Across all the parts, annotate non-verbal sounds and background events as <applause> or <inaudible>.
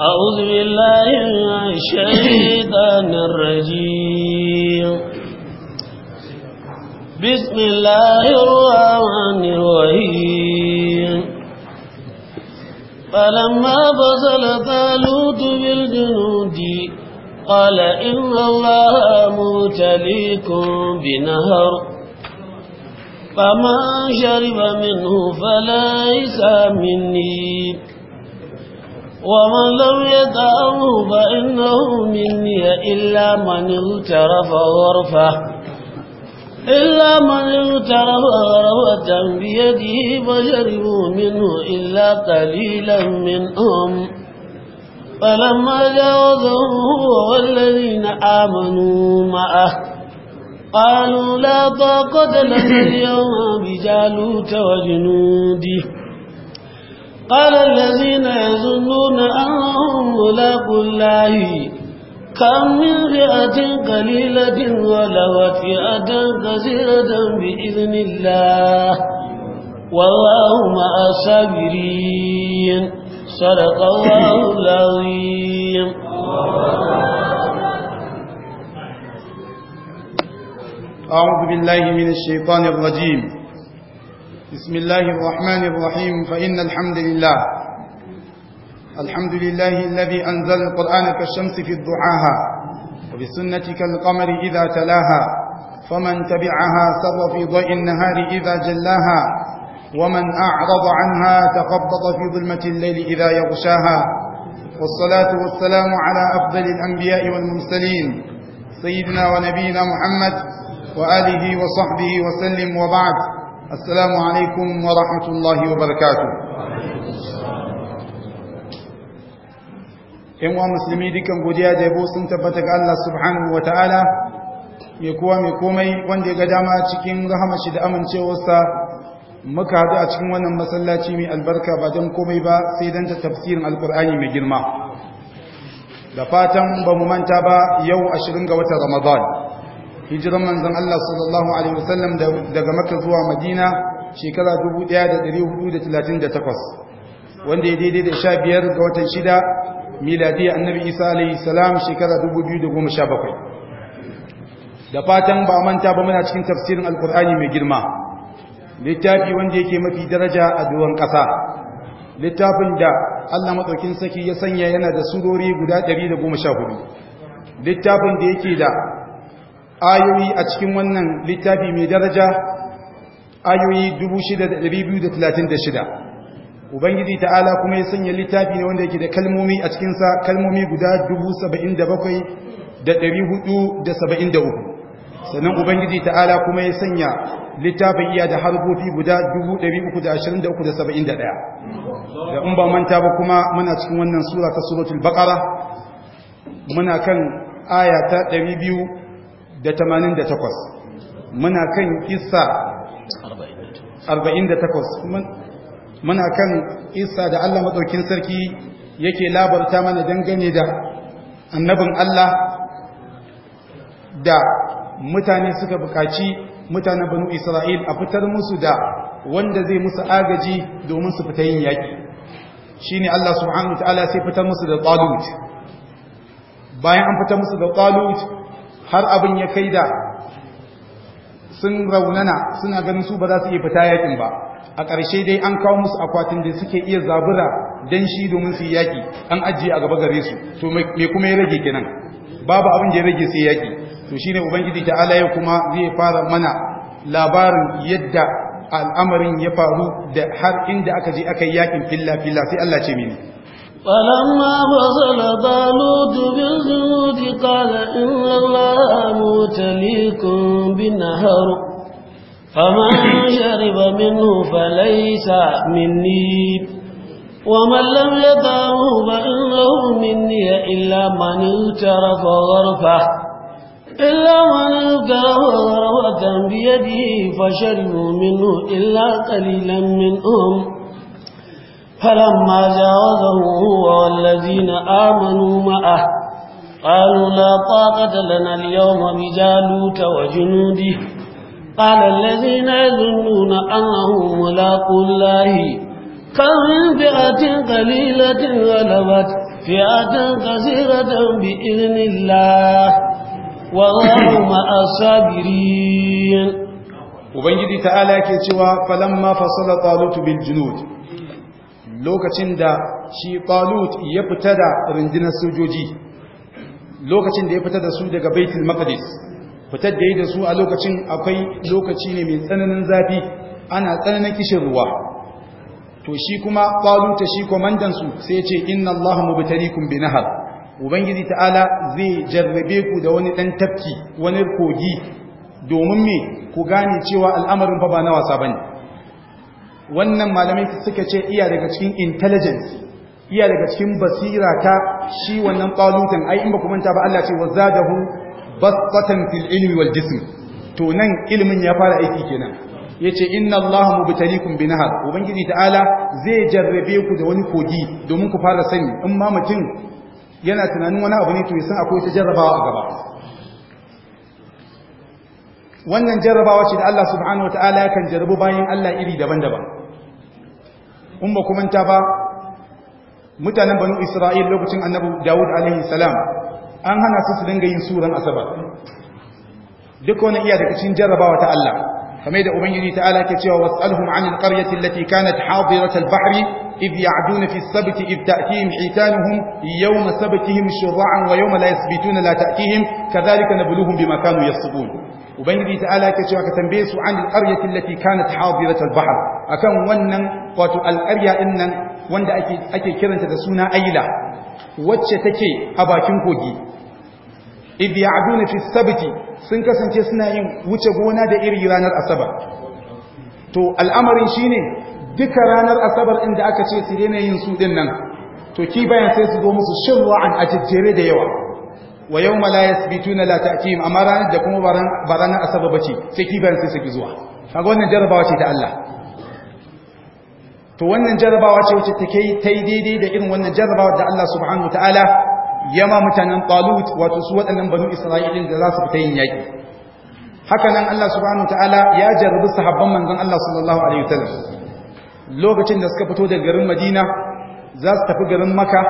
أعوذ بالله من الشيطان الرجيم بسم الله الرحمن الرحيم فلما فصل طالوت بالجنود قال إن الله مبتليكم بنهر فمن شرب منه فليس مني ومن لم يدعه فإنه مني إلا من اغترف غرفة إلا من اغترف غرفة بيده فشربوا منه إلا قليلا منهم فلما جاوزه هو والذين آمنوا معه قالوا لا طاقة لنا اليوم بجالوت وجنوده قال الذين يظنون أنهم ملاقوا الله كم من فئة قليلة ولوت فئة كثيرة بإذن الله والله مع الصابرين صدق الله العظيم أعوذ بالله من الشيطان الرجيم بسم الله الرحمن الرحيم فإن الحمد لله الحمد لله الذي أنزل القرآن كالشمس في الضحاها وبسنة كالقمر إذا تلاها فمن تبعها سر في ضيء النهار إذا جلاها ومن أعرض عنها تخبط في ظلمة الليل إذا يغشاها والصلاة والسلام على أفضل الأنبياء والمرسلين سيدنا ونبينا محمد وآله وصحبه وسلم وبعد السلام alaikum ورحمة الله وبركاته ‘yan wa musulmi dukan godiya da yabo sun tabbata ga Allah subhanahu wa ta'ala mai kowa mai komai wanda ya ga dama cikin rahamashi da amincewarsa muka hadu a cikin wannan masallaci mai albarka ba don komai ba sai danta tafsirin alkur'ani mai girma da fatan ba mu manta ba yau ashirin ga watan ramadan hijiran manzon Allah sallallahu alaihi wasallam daga Makka zuwa Madina shekara 1438 wanda ya daidai da 15 ga watan 6 miladi annabi Isa alaihi salam shekara 2017 da fatan ba manta ba muna cikin tafsirin alkur'ani mai girma littafi wanda yake mafi daraja a duwan ƙasa littafin da Allah madaukin saki ya sanya yana da surori guda 114 littafin da yake da ayoyi a cikin wannan littafi mai daraja ayoyi 6,236 ubangiji ta'ala kuma ya sanya littafi ne wanda yake da kalmomi a cikinsa kalmomi guda 77,473 sannan ubangiji ta'ala kuma ya sanya littafin iya da harkofi guda 323,71 da in ba manta ba kuma muna cikin wannan sura ta suratul baqara muna kan aya ta 200 da tamanin da takwas muna kan isa arba'in da takwas muna kan isa da Allah maɗaukin sarki yake labarta mana dangane da annabin Allah da mutane suka buƙaci mutanen banu Isra'il a fitar musu da wanda zai musu agaji domin su fita yin yaƙi shi ne Allah subhanahu wa ta'ala sai fitar musu da ƙalut bayan an fitar musu da ƙalut har abin ya kai da sun raunana suna ganin su ba za su iya fita yakin ba a ƙarshe dai an kawo musu akwatin da suke iya zabura don shi domin su yi yaƙi an ajiye a gaba gare su to me kuma ya rage kenan babu abin da ya rage sai yaƙi to shine ubangiji ta ya kuma zai fara mana labarin yadda al'amarin ya faru da har inda aka je aka yi yaƙin filla filla sai Allah ce mini فلما فصل طالوت بالجنود قال إن الله ليكم بالنهر فمن شرب منه فليس مني ومن لم يدعه فإنه مني إلا من اغترف غرفة إلا من اغترف غرفة بيده فشربوا منه إلا قليلا منهم فلما جاوزه هو والذين آمنوا معه قالوا لا طاقة لنا اليوم بجالوت وجنوده قال الذين يظنون أنهم ملاقوا الله كم من فئة قليلة غلبت فئة كثيرة بإذن الله والله مع الصابرين وبنجد تعالى كتوى فلما فصل طالوت بالجنود lokacin da shi talut ya fita da rundunar sojoji lokacin da ya fita da su daga baitul maqdis fitar da yi da su a lokacin akwai lokaci ne mai tsananin zafi ana tsananin kishin ruwa to shi kuma talut shi komandansu sai ya ce inna allaha mubtaliikum bi nahar ubangiji ta'ala zai jarrabe ku da wani ɗan tafki wani kogi domin me ku gane cewa al'amarin fa ba na wasa bane wannan malamai suka ce iya daga cikin intelligence iya daga cikin basira ta shi wannan talutan ai in ba ku manta ba Allah ce wazadahu basatan fil ilmi wal jism to nan ilimin ya fara aiki kenan yace inna allaha mubtalikum bi nahar ubangiji ta'ala zai jarrabe ku da wani kogi domin ku fara sani in ma mutum yana tunanin wani abu ne to yasan akwai ta jarrabawa a gaba wannan jarrabawa ce da Allah subhanahu ta'ala yakan jarrabu bayan Allah iri daban-daban in ba kuma ta ba mutanen banu isra'il lokacin annabi dawud alaihi salam an hana su su dinga yin suran asabar duk wani iya daga cikin jarrabawa ta Allah kamar da ubangiji ta'ala ke cewa was'alhum 'anil qaryati allati kanat hadiratal bahri id ya'duna fi as-sabti id ta'tihim hitanuhum yawma sabtihim shur'an wa yawma la yasbituna la ta'tihim kadhalika nabluhum bima kanu yasbun ubangiji ta'ala ke cewa ka tambaye su 'anil qaryati allati kanat hadiratal bahr akan wannan wato al-qarya innan wanda ake ake kiranta da suna aila wacce take a bakin kogi idh ya'duna fi sabti sun kasance suna yin wuce gona da iri ranar asabar to al'amarin shine duka ranar asabar inda aka ce su daina yin su din nan to ki bayan sai su zo musu ruwa a jejjere da yawa wa yawma la yasbituna la ta'tim amma ranar da kuma ranar asabar bace sai ki bayan sai su ki zuwa kaga wannan jarabawa ce ta Allah to wannan jarabawa ce wacce take ta yi daidai da irin wannan jarabawa da Allah subhanahu wa ta'ala yama mutanen talut wato su waɗannan banu isra'ilin da za su fita yin yaƙi haka nan Allah subhanahu ta'ala ya jarrabi sahabban manzon Allah sallallahu alaihi lokacin da suka fito daga garin Madina za su tafi garin maka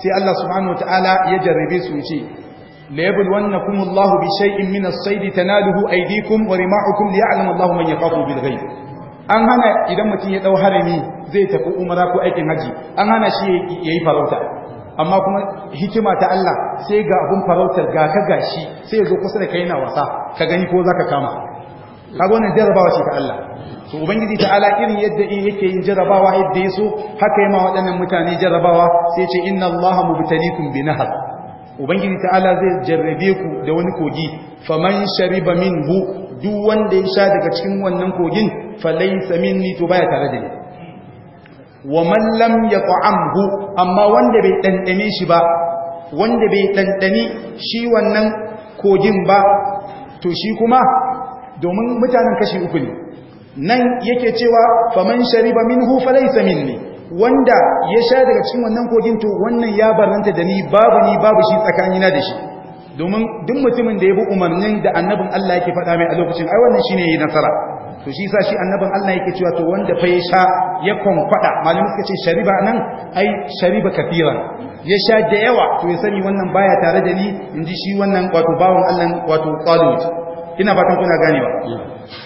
sai Allah subhanahu ta'ala ya jarrabe su ce la yabluwannakum Allahu bi shay'in min as-sayd tanaluhu aydikum wa rimahukum liya'lam Allahu man yaqafu bil ghaib an hana idan mutum ya dau harami zai tafi umara ko aikin haji an hana shi yayi farauta amma kuma hikima ta Allah sai ga abun farautar ga ka gashi sai ya zo kusa da kai na wasa ka gani ko zaka kama kaga wannan jarabawa ce ta Allah to ubangiji ta ala irin yadda in yake yin jarabawa yadda ya so haka ma waɗannan mutane jarabawa sai ce inna Allah mubtalikum bi nahar ubangiji ta ala zai jarrabe ku da wani kogi faman shariba minhu duk wanda ya sha daga cikin wannan kogin falaysa minni to baya tare da ni wa man lam yat'amhu amma wanda bai dandane shi ba wanda bai dandane shi wannan kogin ba to shi kuma domin mutanen kashi uku ne nan yake cewa faman shariba minhu falaysa minni wanda ya sha daga cikin wannan kogin to wannan ya barranta da ni babu ni babu shi tsakanina da shi domin duk mutumin da ya bi umarnin da annabin Allah yake faɗa mai a lokacin ai wannan shine yi nasara to shi sa shi annabin Allah yake cewa to wanda fa ya sha ya konkwada malamin suka ce shariba nan ai shariba kafiran ya sha da yawa to ya sani wannan baya tare da ni inji shi wannan wato bawon Allah wato qalid ina fatan kuna ganewa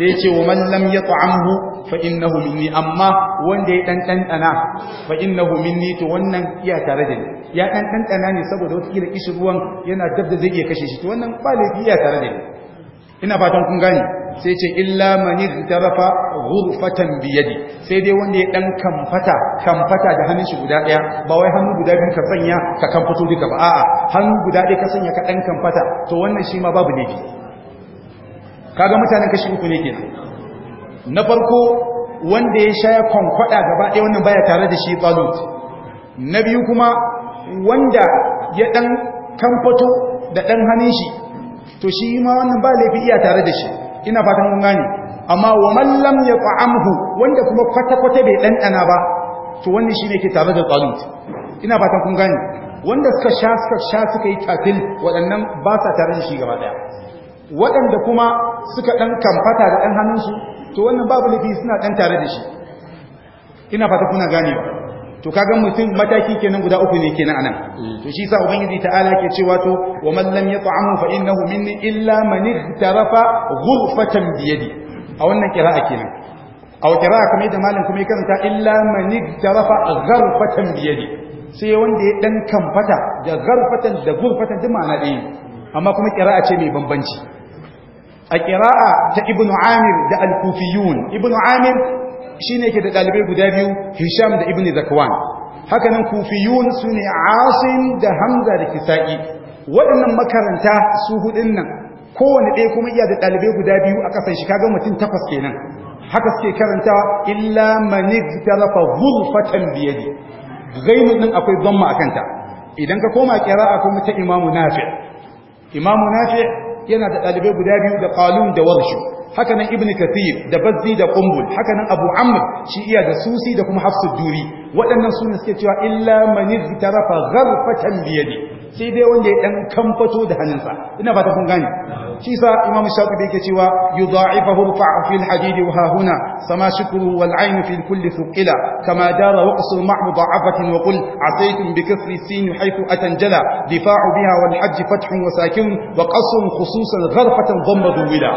sai ce wa man lam yat'amhu fa innahu minni amma wanda ya dan dana fa innahu minni to wannan iya tare da ni ya dan dana ne saboda wata kila kishi ruwan yana dab da zai iya kashe shi to wannan ba laifi iya tare da ni ina fatan kun gane sai ce illa mani tarafa ghurfatan biyadi sai dai wanda ya dan kamfata kamfata da hannun shi guda daya ba wai hannu guda biyu ka sanya ka kamfato duka ba a'a hannu guda daya ka sanya ka dan kamfata to wannan shi ma babu laifi kaga mutanen kashi uku ne kenan na farko wanda ya shaya kwankwada gaba daya wannan baya tare da shi balut na biyu kuma wanda ya dan kamfato da dan hannun shi to shi ma wannan ba laifi iya tare da shi ina fatan kun gane amma wa man lam yat'amhu wanda kuma kwata kwata bai dandana ba to shi shine ke tare da talut ina fatan kun gane wanda suka sha suka sha suka yi tafil waɗannan ba sa tare da shi gaba daya waɗanda kuma suka dan kamfata da dan hannunsu to wannan babu lafi suna dan tare da shi ina fata kuna ganewa to kaga mutum mataki kenan guda uku ne kenan anan eh. to shi sa ubangiji ta'ala ke cewa to wa man lam yat'amu fa innahu minni illa man ihtarafa ghurfatan bi yadi a wannan qira'a kenan aw qira'a kuma yadda malam kuma ya karanta illa man ihtarafa ghurfatan bi yadi sai wanda ya dan kamfata da ghurfatan da ghurfatan duk ma'ana ɗaya amma kuma qira'a ce mai bambanci a qira'a ta ibnu amir da al-kufiyun ibnu amir shi ne ke da ɗalibai guda biyu hisham da ibn zakwan hakanan kufiyun su ne asin da hamza da kisa'i waɗannan makaranta su hudun nan kowane ɗaya kuma iya da ɗalibai guda biyu a ƙasar shi kaga mutum takwas kenan haka suke karanta illa manig talafa hulfatan biyadi ghainun din akwai dhamma akanta idan ka koma a kuma ta imamu nafi' imamu nafi' yana da ɗalibai guda biyu da qalun da warshu haka nan ibn kathir da bazzi da qumbul haka nan abu amr shi iya da susi da kuma hafsu duri waɗannan su suke cewa illa man tarafa gharfatan biyadi sai dai wanda ya dan kamfato da hannunsa ina fata kun gane shi sa imam shafi yake cewa yudha'ifahu a fil hadidi wa hahuna sama shukru wal aini fil kulli thuqila kama dara waqsu ma'mu da'afatin wa qul ataytum bi kasri sin haythu atanjala difa'u biha wal hajj fathun wa sakin wa qasrun khususan gharfatan dhamma duwila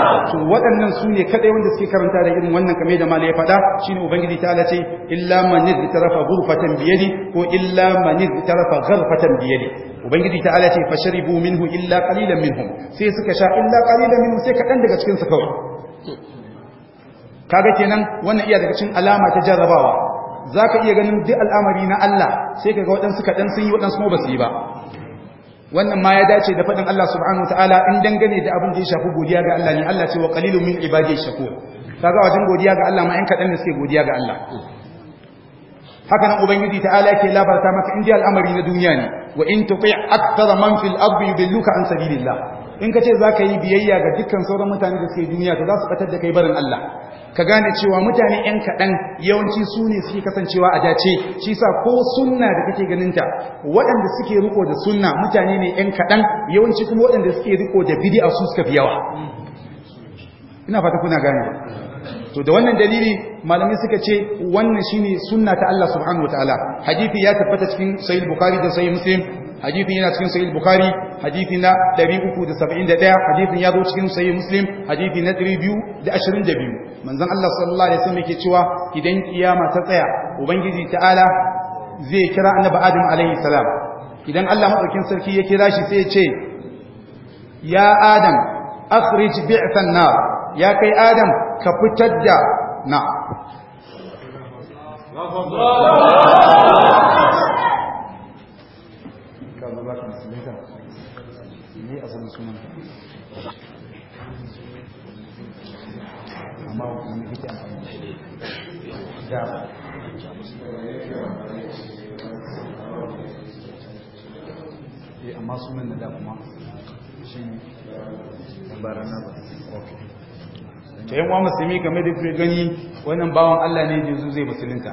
<laughs> to waɗannan su ne kaɗai wanda suke karanta da irin wannan kamar da mala ya faɗa shi ne ubangiji ta ala ce illa manir ta rafa gurfatan biyadi ko illa manir ta rafa gharfatan biyadi ubangiji ta ala ce fasharibu minhu illa qalilan minhum sai suka sha illa qalilan minhum sai kaɗan daga cikin su kawai kaga kenan wannan iya daga cikin alama ta jarrabawa zaka iya ganin duk al'amari na Allah sai kaga waɗansu kaɗan sun yi waɗansu ba su yi ba wannan ma ya dace da faɗin Allah subhanahu wataala in dangane da abin da ya shafi godiya ga Allah ne Allah ce wa qalilun min ibadi shakur kaga wajen godiya ga Allah ma in kaɗan ne suke godiya ga Allah haka nan ubangiji ta'ala yake labarta maka in ji al'amari na duniya ne wa in tuti akthara man fil ardi yudilluka an sabilillah in ka ce zaka yi biyayya ga dukkan sauran mutane da suke duniya to za su batar da kai barin Allah ka gane cewa mutane yan kaɗan yawanci su ne suke kasancewa a dace shi sa ko sunna da kake ganinta waɗanda suke riko da sunna mutane ne yan kaɗan yawanci kuma waɗanda suke riko da a su suka fi yawa ina fata kuna gane to da wannan dalili malamai suka ce wannan shine sunna ta Allah subhanahu wataala hadisi ya tabbata cikin sahih bukhari da sahih muslim hadithin yana cikin sahih bukhari hadithi na 371 hadithin ya zo cikin sahih muslim hadithi na 222 manzon Allah sallallahu alaihi wasallam yake cewa idan kiyama ta tsaya ubangiji ta'ala zai kira annabi adam alaihi salam idan Allah madaukin sarki ya kira shi sai ya ce ya adam akhrij bi'tan nar ya kai adam ka fitar da na ne a san sunan amma kuma ne fita da eh amma sunan da kuma shi barana ba okay to yan uwa musulmi game da kuke gani wannan bawan Allah ne da zai musulunta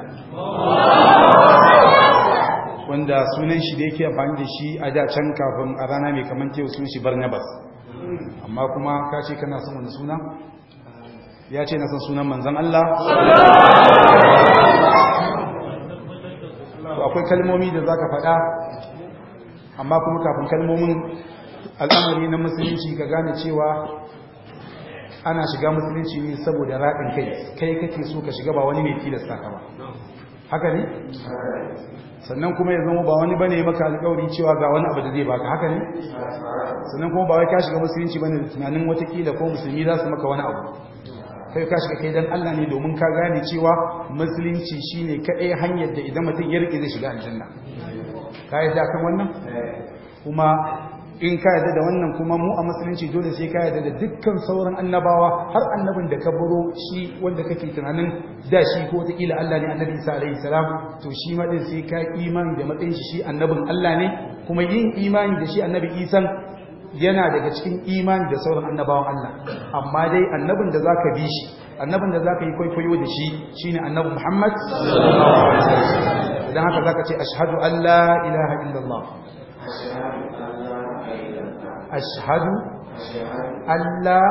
wanda sunan shi da yake amfani da shi a da can kafin a rana mai kamar teku sun shi barnabas amma kuma ka ce kana son wani suna ya ce na san sunan manzan Allah akwai kalmomi da za ka faɗa amma kuma kafin kalmomin al'amari na musulunci ka gane cewa ana shiga musulunci ne saboda raɗin kai kai kake so ka shiga ba wani mai tilasta ka ba haka ne sannan kuma ya zama ba wani bane maka alƙawari cewa ga wani abu da zai baka haka ne sannan kuma ba wai ka shiga musulunci bane da tunanin watakila ko musulmi za su maka wani abu kai ka shiga kai dan Allah ne domin ka gane cewa musulunci shine kadai hanyar da idan mutum ya rike zai shiga aljanna ka yi da kan wannan eh. kuma in ka yarda da wannan kuma mu a musulunci dole sai ka yarda da dukkan sauran annabawa har annabin da ka baro shi wanda kake tunanin da shi ko ta ila Allah ne annabi Isa alaihi salam to shi ma din sai ka imani da matsayin shi annabin Allah ne kuma yin imani da shi annabi Isa yana daga cikin imani da sauran annabawan Allah amma dai annabin da zaka bi shi annabin da zaka yi kwaikwayo da shi shine annabi Muhammad sallallahu alaihi wasallam idan haka zaka ce ashhadu an la ilaha illallah ashhadu alla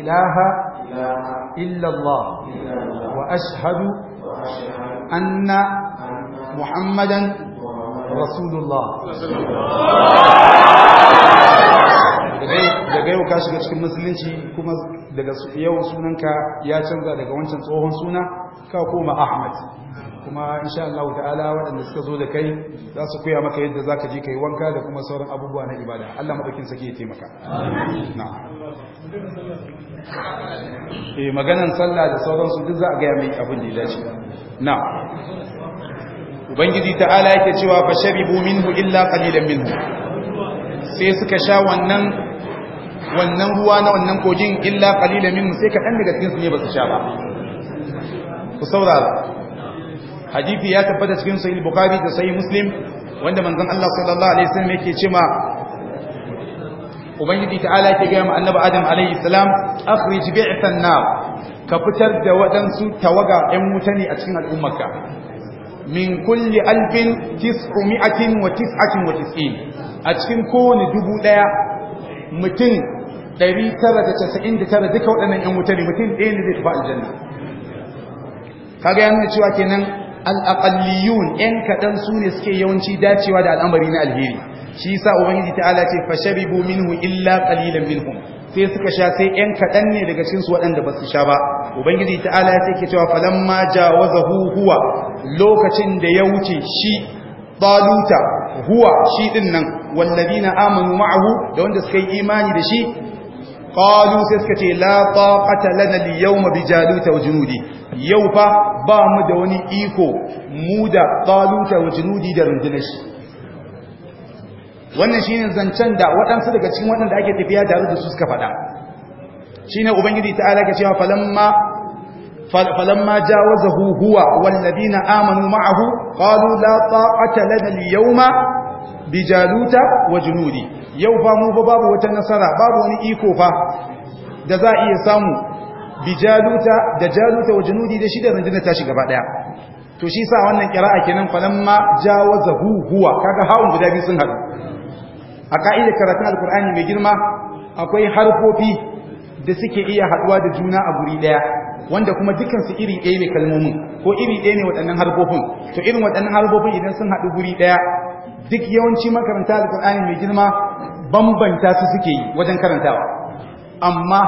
ilaha illallah wa ashhadu anna muhammadan rasulullah daga yau ka shiga cikin musulunci kuma daga yau sunanka ya canza daga wancan tsohon suna ka koma ahmad kuma insha Allah ta'ala waɗanda suka zo da kai za su koya maka yadda za zaka je yi wanka da kuma sauran abubuwa na ibada Allah madaukin sake ya taimaka eh maganan sallah da sauransu duk za a gaya mai abin da ya dace na ubangiji ta'ala yake cewa fa sharibu minhu illa qalilan minhu sai suka sha wannan wannan ruwa na wannan kogin illa qalilan minhu sai ka dan daga cikin su ne ba su sha ba ku saurara hadisi ya tabbata cikin sahih bukhari da sahih muslim wanda manzon Allah sallallahu alaihi wasallam yake cewa ubangiji ta'ala yake ga annabi adam alaihi salam akhrij bi'tan nar ka fitar da wadansu tawaga ɗan wuta ne a cikin al'ummarka min kulli albin tis'umi'atin wa tis'atin wa tis'in a cikin kowane dubu ɗaya mutum 999 duka waɗannan 'yan wuta ne mutum ɗaya ne zai tafi aljanna kaga yana cewa kenan al'aƙalliyun ‘yan kaɗan su ne suke yawanci dacewa da al'amari na alheri shi sa ubangiji ta'ala ce fasharibu minhu illa kalilan minhu. sai suka sha sai ‘yan kaɗan ne daga cinsu waɗanda ba su sha ba ubangiji ta'ala ce ke cewa falamma jawazahu huwa lokacin da ya wuce shi taluta huwa shi ɗin nan na amanu ma'ahu da wanda suka yi imani da shi qalu sai suka ce la taqata lana al-yawma bi jaluta wa junudi yau fa ba mu da wani iko mu da taluta wa da rundunar shi wannan shine zancen da waɗansu daga cikin waɗanda ake tafiya da da su suka faɗa shine ubangiji ta alaƙa cewa falamma فلما جاوزه هو والذين آمنوا معه قالوا لا طاقة لنا Yau fa mu يوفا babu wata nasara babu wani iko fa da za a iya samu bi jaluta da jaluta wa junudi da shi da rundunar tashi gaba daya to shi sa wannan qira'a kenan falamma jawazahu huwa kaga hawun guda biyu sun haɗu a ka'idar karatun alqur'ani mai girma akwai harfofi da suke iya haɗuwa da juna a guri daya wanda kuma dukkan su iri ɗaya ne kalmomin ko iri ɗaya ne waɗannan harfofin to irin waɗannan harfofin idan sun haɗu guri ɗaya duk yawanci makaranta alƙur'ani mai girma bambanta su suke yi wajen karantawa amma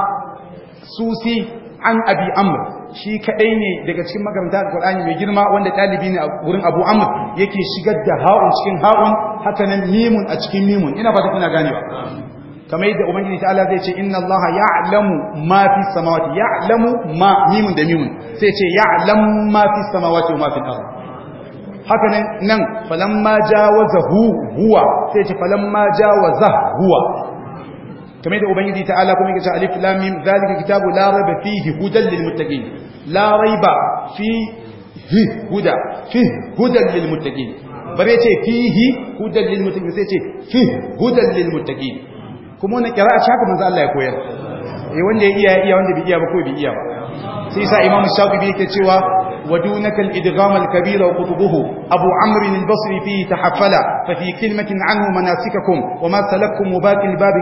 susi an abi amr shi kadai ne daga cikin magamta alqur'ani mai girma wanda dalibi ne a gurin abu amr yake shigar da ha'un cikin ha'un haka nan mimun a cikin mimun ina fata kuna ganewa kamar yadda ubangiji ta Allah zai ce inna Allah ya'lamu ma fi samawati ya'lamu ma mimun da mimun sai ce ya'lamu ma fi samawati wa ma fi al-ard haka nan nan falamma jawazahu huwa sai ce falamma jawazahu huwa kamar da ubangiji ta'ala kuma yake cewa alif lam mim zalika kitabu la raiba fihi hudan lil muttaqin la raiba fihi huda fihi hudan lil muttaqin bare ce fihi hudan lil muttaqin sai ce fihi hudan lil muttaqin kuma wannan kira'a ce haka manzo Allah ya koyar eh wanda ya iya ya iya wanda bai iya ba ko bai iya ba sai sa imamu shafi'i yake cewa ودونك الإدغام الكبير Abu أبو عمرو البصري فيه تحفلا ففي كلمة عنه مناسككم وما سلككم مباك الباب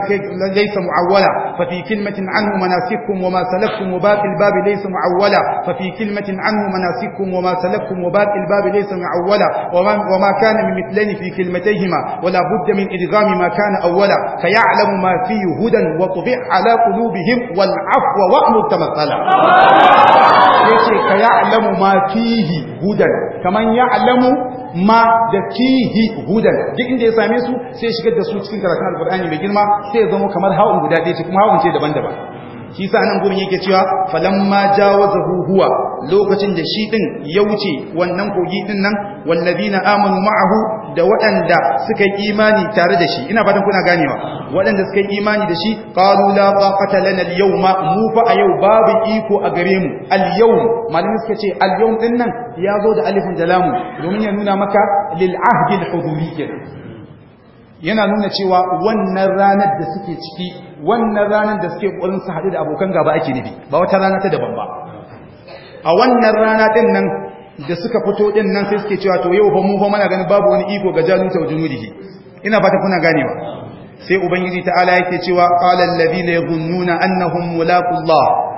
ليس معولا ففي كلمة عنه مناسككم وما سلككم مباك الباب ليس معولا ففي كلمة عنه مناسككم وما سلككم مباك الباب ليس معولا وما, وما كان من مثلين في كلمتيهما ولا بد من إدغام ما كان أولا فيعلم ما فيه هدى وطبع على قلوبهم والعفو وأمر تمثلا yace ما فيه هدى كمن يعلم ma da fihi hudan duk inda ya same su sai shigar da su cikin karatun alkur'ani mai girma sai ya zama kamar hawan guda ɗaya ce kuma hawan ce daban-daban shi sa nan gurin yake cewa falamma jawazahu huwa lokacin da shi din ya wuce wannan kogi din nan wallazina amanu ma'ahu da waɗanda suka yi imani tare da shi ina fatan kuna ganewa waɗanda suka yi imani da shi qalu la taqata lana al-yawma mu fa a yau babu iko a gare mu al-yawm malami suka ce al-yawm din nan ya zo da alifin Jalamu domin ya nuna maka lil ahdi al yana nuna cewa wannan ranar da suke ciki wannan ranar da suke ƙorin su haɗu da abokan gaba ake nufi ba wata rana ta daban ba a wannan rana ɗin nan da suka fito ɗin nan sai suke cewa to yau fa mu fa mana ganin babu wani iko ga ta wajen junudihi ina fata kuna ganewa sai ubangiji ta'ala yake cewa qala alladhina yadhunnuna annahum mulaqullah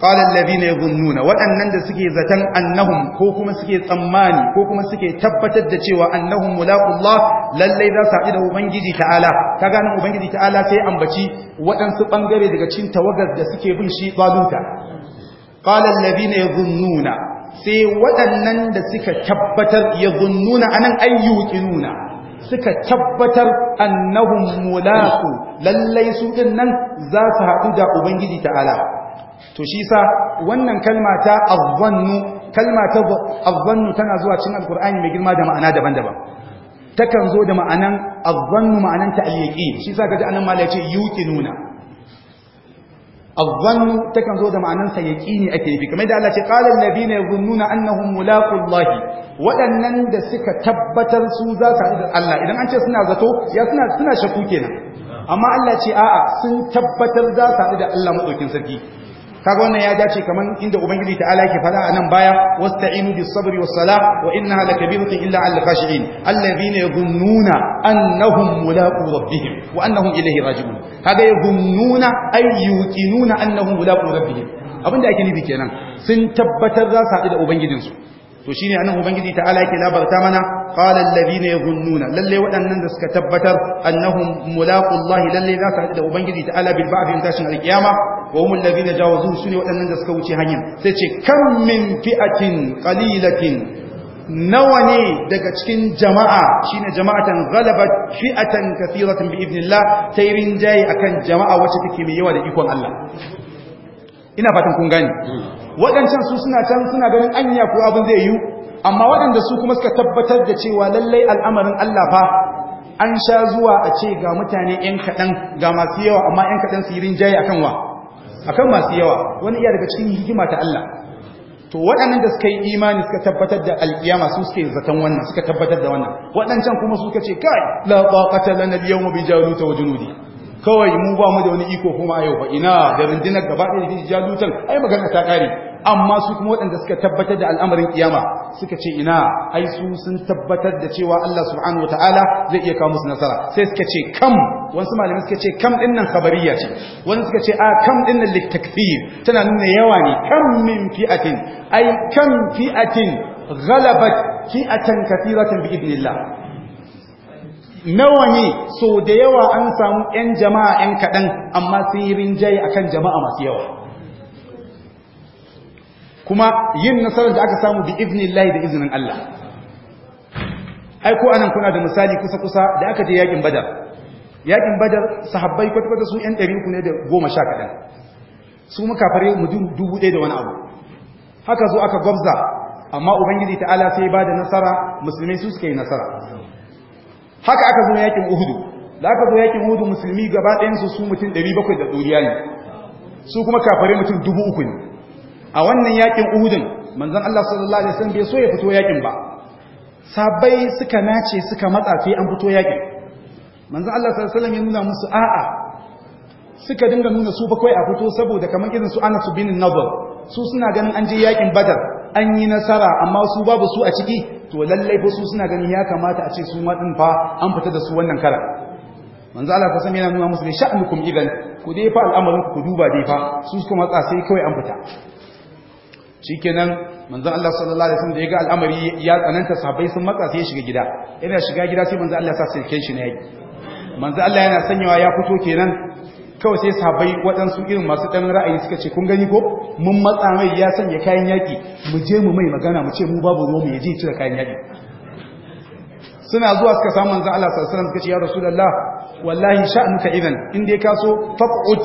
qala alladhina yadhunnuna waɗannan da suke zaton annahum ko kuma suke tsammani ko kuma suke tabbatar da cewa annahum mulaqullah lallai za su haɗu da ubangiji ta'ala kaga nan ubangiji ta'ala sai ambaci waɗansu bangare daga cikin tawagar da suke bin shi baluta qala alladhina yadhunnuna sai waɗannan da suka tabbatar yadhunnuna anan ayyukinuna, suka tabbatar annahum mulaqu lallai su din nan za su haɗu da ubangiji ta'ala to shi sa wannan kalma ta azzannu kalma ta azzannu tana zuwa cikin alqur'ani mai girma da ma'ana daban-daban takan zo da ma'anan azzannu ma'anan ta alyaqin shi sa kaji anan malai ce yuqinuna azzannu takan zo da ma'anan sa yaqini ake nufi kamar da Allah ce qala alladhina yadhunnuna annahum mulaqullahi waɗannan da suka tabbatar su za su haɗu da Allah idan an ce suna zato ya suna suna shakku kenan amma Allah ce a'a sun tabbatar za su haɗu da Allah madaukin sarki kaga wannan ya dace kaman inda ubangiji ta'ala yake fada anan baya wasta'inu bis sabri was salah wa innaha lakabiratun illa 'alal khashi'in alladhina yadhunnuna annahum mulaqu rabbihim wa annahum ilayhi raji'un kaga yadhunnuna ay yuqinuna annahum mulaqu rabbihim abinda ake nufi kenan sun tabbatar za su haɗu da ubangijinsu to shine anan ubangiji ta'ala yake labarta mana qala alladhina yadhunnuna lalle waɗannan da suka tabbatar annahum mulaqullahi lalle za su haɗu da ubangiji ta'ala bil ba'd tashin alqiyama wa hum alladhina jawazu sune waɗannan da suka wuce hanyar sai ce kam min fi'atin qalilatin nawa ne daga cikin jama'a shine jama'atan ghalabat fi'atan kathiratan bi idnillah tayrin jayi akan jama'a wacce take mai yawa da ikon Allah ina fatan kun gani waɗancan su suna can suna ganin anya ko abin zai yiwu amma waɗanda su kuma suka tabbatar da cewa lallai al'amarin Allah fa an sha zuwa a ce ga mutane ƴan kaɗan ga masu yawa amma ƴan kaɗan su yi rinjaye a kan wa a kan masu yawa wani iya daga cikin hikima ta Allah to waɗannan da suka yi imani suka tabbatar da alƙiyama su suke zaton wannan suka tabbatar da wannan waɗancan kuma suka ce kai la taqata lana al-yawma bi jaluta wa junudi kawai mu ba mu da wani iko kuma yau ba ina da rundunar gaba ɗaya da jalutan ai magana ta ƙare. amma su kuma waɗanda suka tabbatar da al'amarin kiyama suka ce ina ai su sun tabbatar da cewa Allah subhanahu wataala zai iya kawo musu nasara sai suka ce kam wasu malamai suka ce kam ɗin nan khabariya ce wani suka ce a kam ɗin nan tana nuna yawa ne kam min fi'atin ai kam fi'atin ghalabat fi'atan kathiratan bi idnillah nawa ne so da yawa an samu 'yan jama'a 'yan kaɗan amma sun yi rinjaye a kan jama'a masu yawa kuma yin nasarar da aka samu bi lai da izinin Allah aiko anan kuna da misali kusa kusa da aka je yakin badar yakin badar sahabbai kwata kwata sun 'yan uku ne da goma sha kaɗan su muka fare mudu dubu ɗaya da wani abu haka zo aka gwabza amma ubangiji ta'ala sai ba da nasara musulmai su suka yi nasara haka aka zo yakin uhudu da aka zo yakin uhudu musulmi gaba ɗayansu su mutum 700 da ɗuriya ne su kuma kafare mutum 3000 ne a wannan yakin uhudun manzan Allah sallallahu alaihi wasallam bai so ya fito yakin ba sabai suka nace suka matsa sai an fito yakin manzan Allah sallallahu alaihi wasallam ya nuna musu a'a suka dinga nuna su bakwai a fito saboda kamar irin su Anas Binin nazar su suna ganin an je yakin Badar an yi nasara amma su babu su a ciki to lallai fa su suna gani ya kamata a ce su ma din fa an fita da su wannan kara manzo Allah fa sami na nuna musu ne sha'anukum idan ku dai fa al'amarin ku duba dai fa su kuma matsa sai kawai an fita shikenan manzo Allah sallallahu alaihi wasallam da yaga al'amari ya tsananta sahabbai sun matsa sai shiga gida yana shiga gida sai manzo Allah ya sa sirken shi na yaki manzo Allah yana sanyawa ya fito kenan kawai sai sabai waɗansu irin masu ɗan ra'ayi suka ce kun gani ko mun matsa mai ya sanya kayan yaƙi mu je mu mai magana mu ce mu babu ruwa mu yaje cire kayan yaƙi suna zuwa suka samu manzon Allah sallallahu alaihi wasallam suka ce ya rasulullah wallahi ka idan in dai ka so faq'ud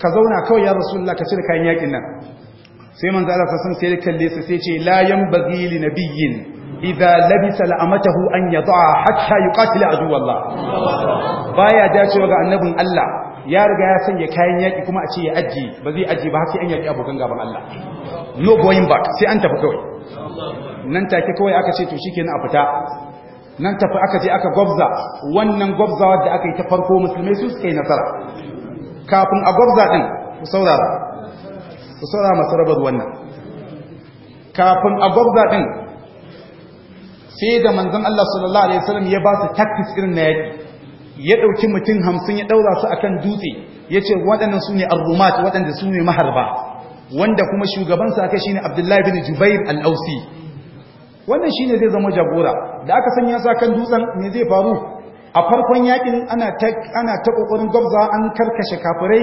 ka zauna kawai ya rasulullah ka cire kayan yaƙin nan sai manzon Allah sallallahu alaihi wasallam sai ya kalle su sai ce la yanbaghi li nabiyyin idza labisa an yad'a hatta yuqatila aduwallah baya dacewa ga annabin Allah ya riga ya sanya kayan yaƙi kuma a ce ya ajiye ba zai ajiye ba har sai an yaƙi abokan gaban Allah no going back sai an tafi kawai nan take kawai aka ce to shikenan a fita nan tafi aka je aka gwabza wannan gwabzawa da aka yi ta farko musulmai su suka yi nasara kafin a gwabza din ku saurara ku saurara masu rabar wannan kafin a gwabza din sai da manzon Allah sallallahu alaihi wasallam ya ba su tactics irin na yaƙi ya ɗauki mutum hamsin ya ɗaura su akan dutse ya ce waɗannan su ne arrumat waɗanda su ne maharba wanda kuma shugabansa aka shi ne abdullahi bin jubair al'ausi wannan shi ne zai zama jagora da aka sanya sa kan dutsen ne zai faru a farkon yakin ana ta ƙoƙarin gwabza an karkashe kafirai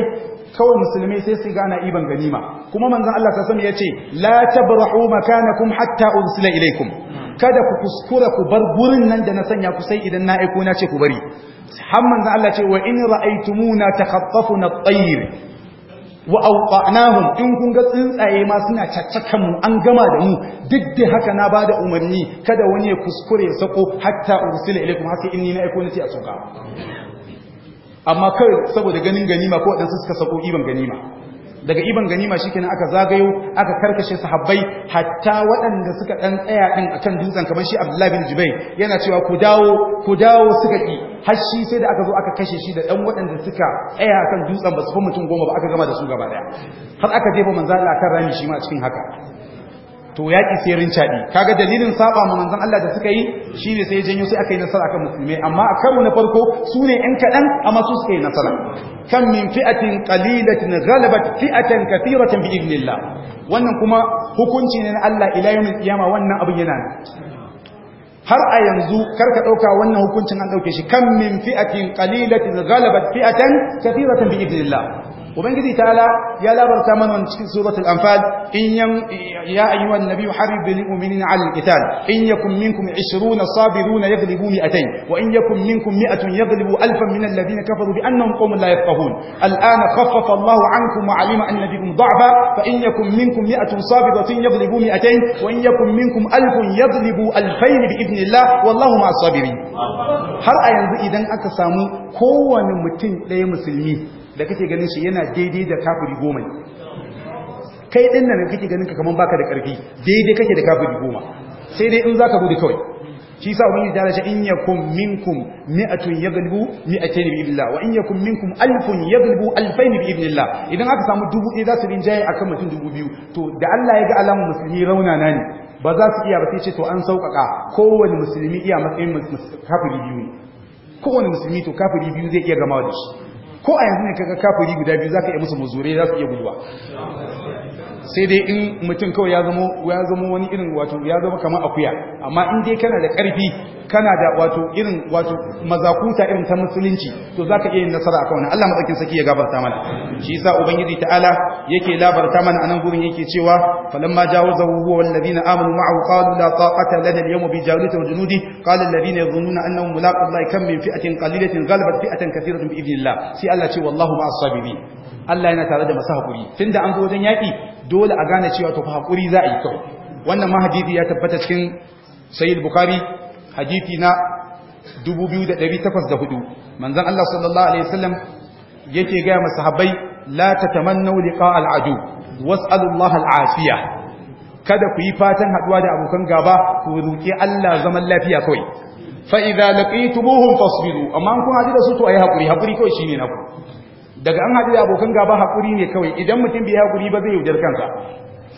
kawai musulmi sai su gana iban ganima kuma manzan Allah ta sami ya ce la tabrahu makanakum hatta ursila ilaikum kada ku kuskura ku bar gurin nan da na sanya ku sai idan na aiko na ce ku bari har manzan Allah ce wa in ra'aytumuna takhattafuna at-tayr wa awqa'nahum in kun ga tsuntsaye ma suna caccakan mu an gama da mu duk da haka na bada umarni kada wani ya kuskure ya sako hatta ursila ilaikum haka inni na aiko nace a soka amma kai saboda ganin ganima ko dan suka sako iban ganima daga iban ganima shikenan aka zagayo aka karkashe sahabbai hatta waɗanda suka ɗan tsaya din akan dutsen kamar shi Abdullahi bin Jubair yana cewa ku dawo ku dawo suka ki har shi sai da aka zo aka kashe shi da dan waɗanda suka tsaya akan dutsen ba su fa mutum goma ba aka gama da su gaba daya har aka jefa manzo Allah kan rami shi ma cikin haka to yaƙi sai rincaɗi kaga dalilin saba ma manzon Allah da suka yi shine sai janyo sai aka yi nasara akan musulmai amma a karo na farko su ne ƴan kaɗan amma su suka yi nasara kan min fi'atin qalilatin ghalabat fi'atan kathiratan bi idnillah wannan kuma hukunci ne na Allah ila yawmil qiyama wannan abin yana nan har a yanzu karka ɗauka wannan hukuncin an ɗauke shi kan min fi'atin qalilatin ghalabat fi'atan kathiratan bi idnillah ubangiji ta'ala ya labarta mana wannan cikin suratul anfal in ya ayyuhan nabiyyu habibil mu'minina 'alal qital in yakum minkum 20 sabiruna yaghlibu mi'atayn wa in yakum minkum mi'atun yaghlibu alfan min alladhina kafaru bi annahum qawmun la yafqahun al'ana khaffafa Allahu 'ankum wa 'alima anna bikum da'fa fa in yakum minkum mi'atun sabiratin yaghlibu mi'atayn wa in yakum minkum alfun yaghlibu alfayn bi idnillah wallahu ma'as sabirin har a yanzu idan aka samu kowane mutum ɗaya musulmi da kake ganin shi yana daidai da kafiri goma ne kai din nan kake ganin ka kaman baka da karfi daidai kake da kafiri goma sai dai in zaka gudu kawai shi sa ubangiji ta ce in yakum minkum mi'atun yaghlibu mi'atayn bi idnillah wa in yakum minkum alfun yaghlibu alfayn bi idnillah idan aka samu dubu ɗaya za su rinjaye akan mutum dubu biyu to da Allah ya ga alamun musulmi raunana ne ba za su iya ba sai ce to an sauƙaƙa kowane musulmi iya matsayin kafiri biyu ne kowane musulmi to kafiri biyu zai iya gama da shi ko a yanzu ne kaga kafiri guda biyu zaka iya musu muzure za su iya guduwa sai dai in mutum kawai ya zama wani irin wato ya zama kamar akuya amma in dai kana da karfi kana da wato irin wato mazakuta irin ta musulunci to zaka iya yin nasara akan wannan Allah madaukin saki ya gabarta mana shi yasa ubangiji ta'ala yake labarta mana anan gurin yake cewa falamma jawazahu huwa walladhina amanu ma'ahu qalu la taqata lana al-yawma bi jawlati wa junudi qala alladhina yadhunnuna annahum mulaqu Allah kam min fi'atin qalilatin ghalabat fi'atan kathiratan bi idhnillah sai Allah ce wallahu ma'as sabirin Allah yana tare da masu hakuri tunda an zo wajen yaki dole a gane cewa to fa hakuri za a yi kawai wannan mahadidi ya tabbata cikin sayyid bukhari hadisi na 2804 manzon Allah sallallahu alaihi wasallam yake ga ma la tatamannu liqa al'adu adu was'alu Allah al kada ku yi fatan haduwa da abokan gaba ku roki Allah zaman lafiya kawai fa idza laqitumuhum fasbiru amma kun haɗu da su to ayi hakuri hakuri kawai shine naku daga an haɗu da abokan gaba hakuri ne kawai idan mutum bai hakuri ba zai yaudar kansa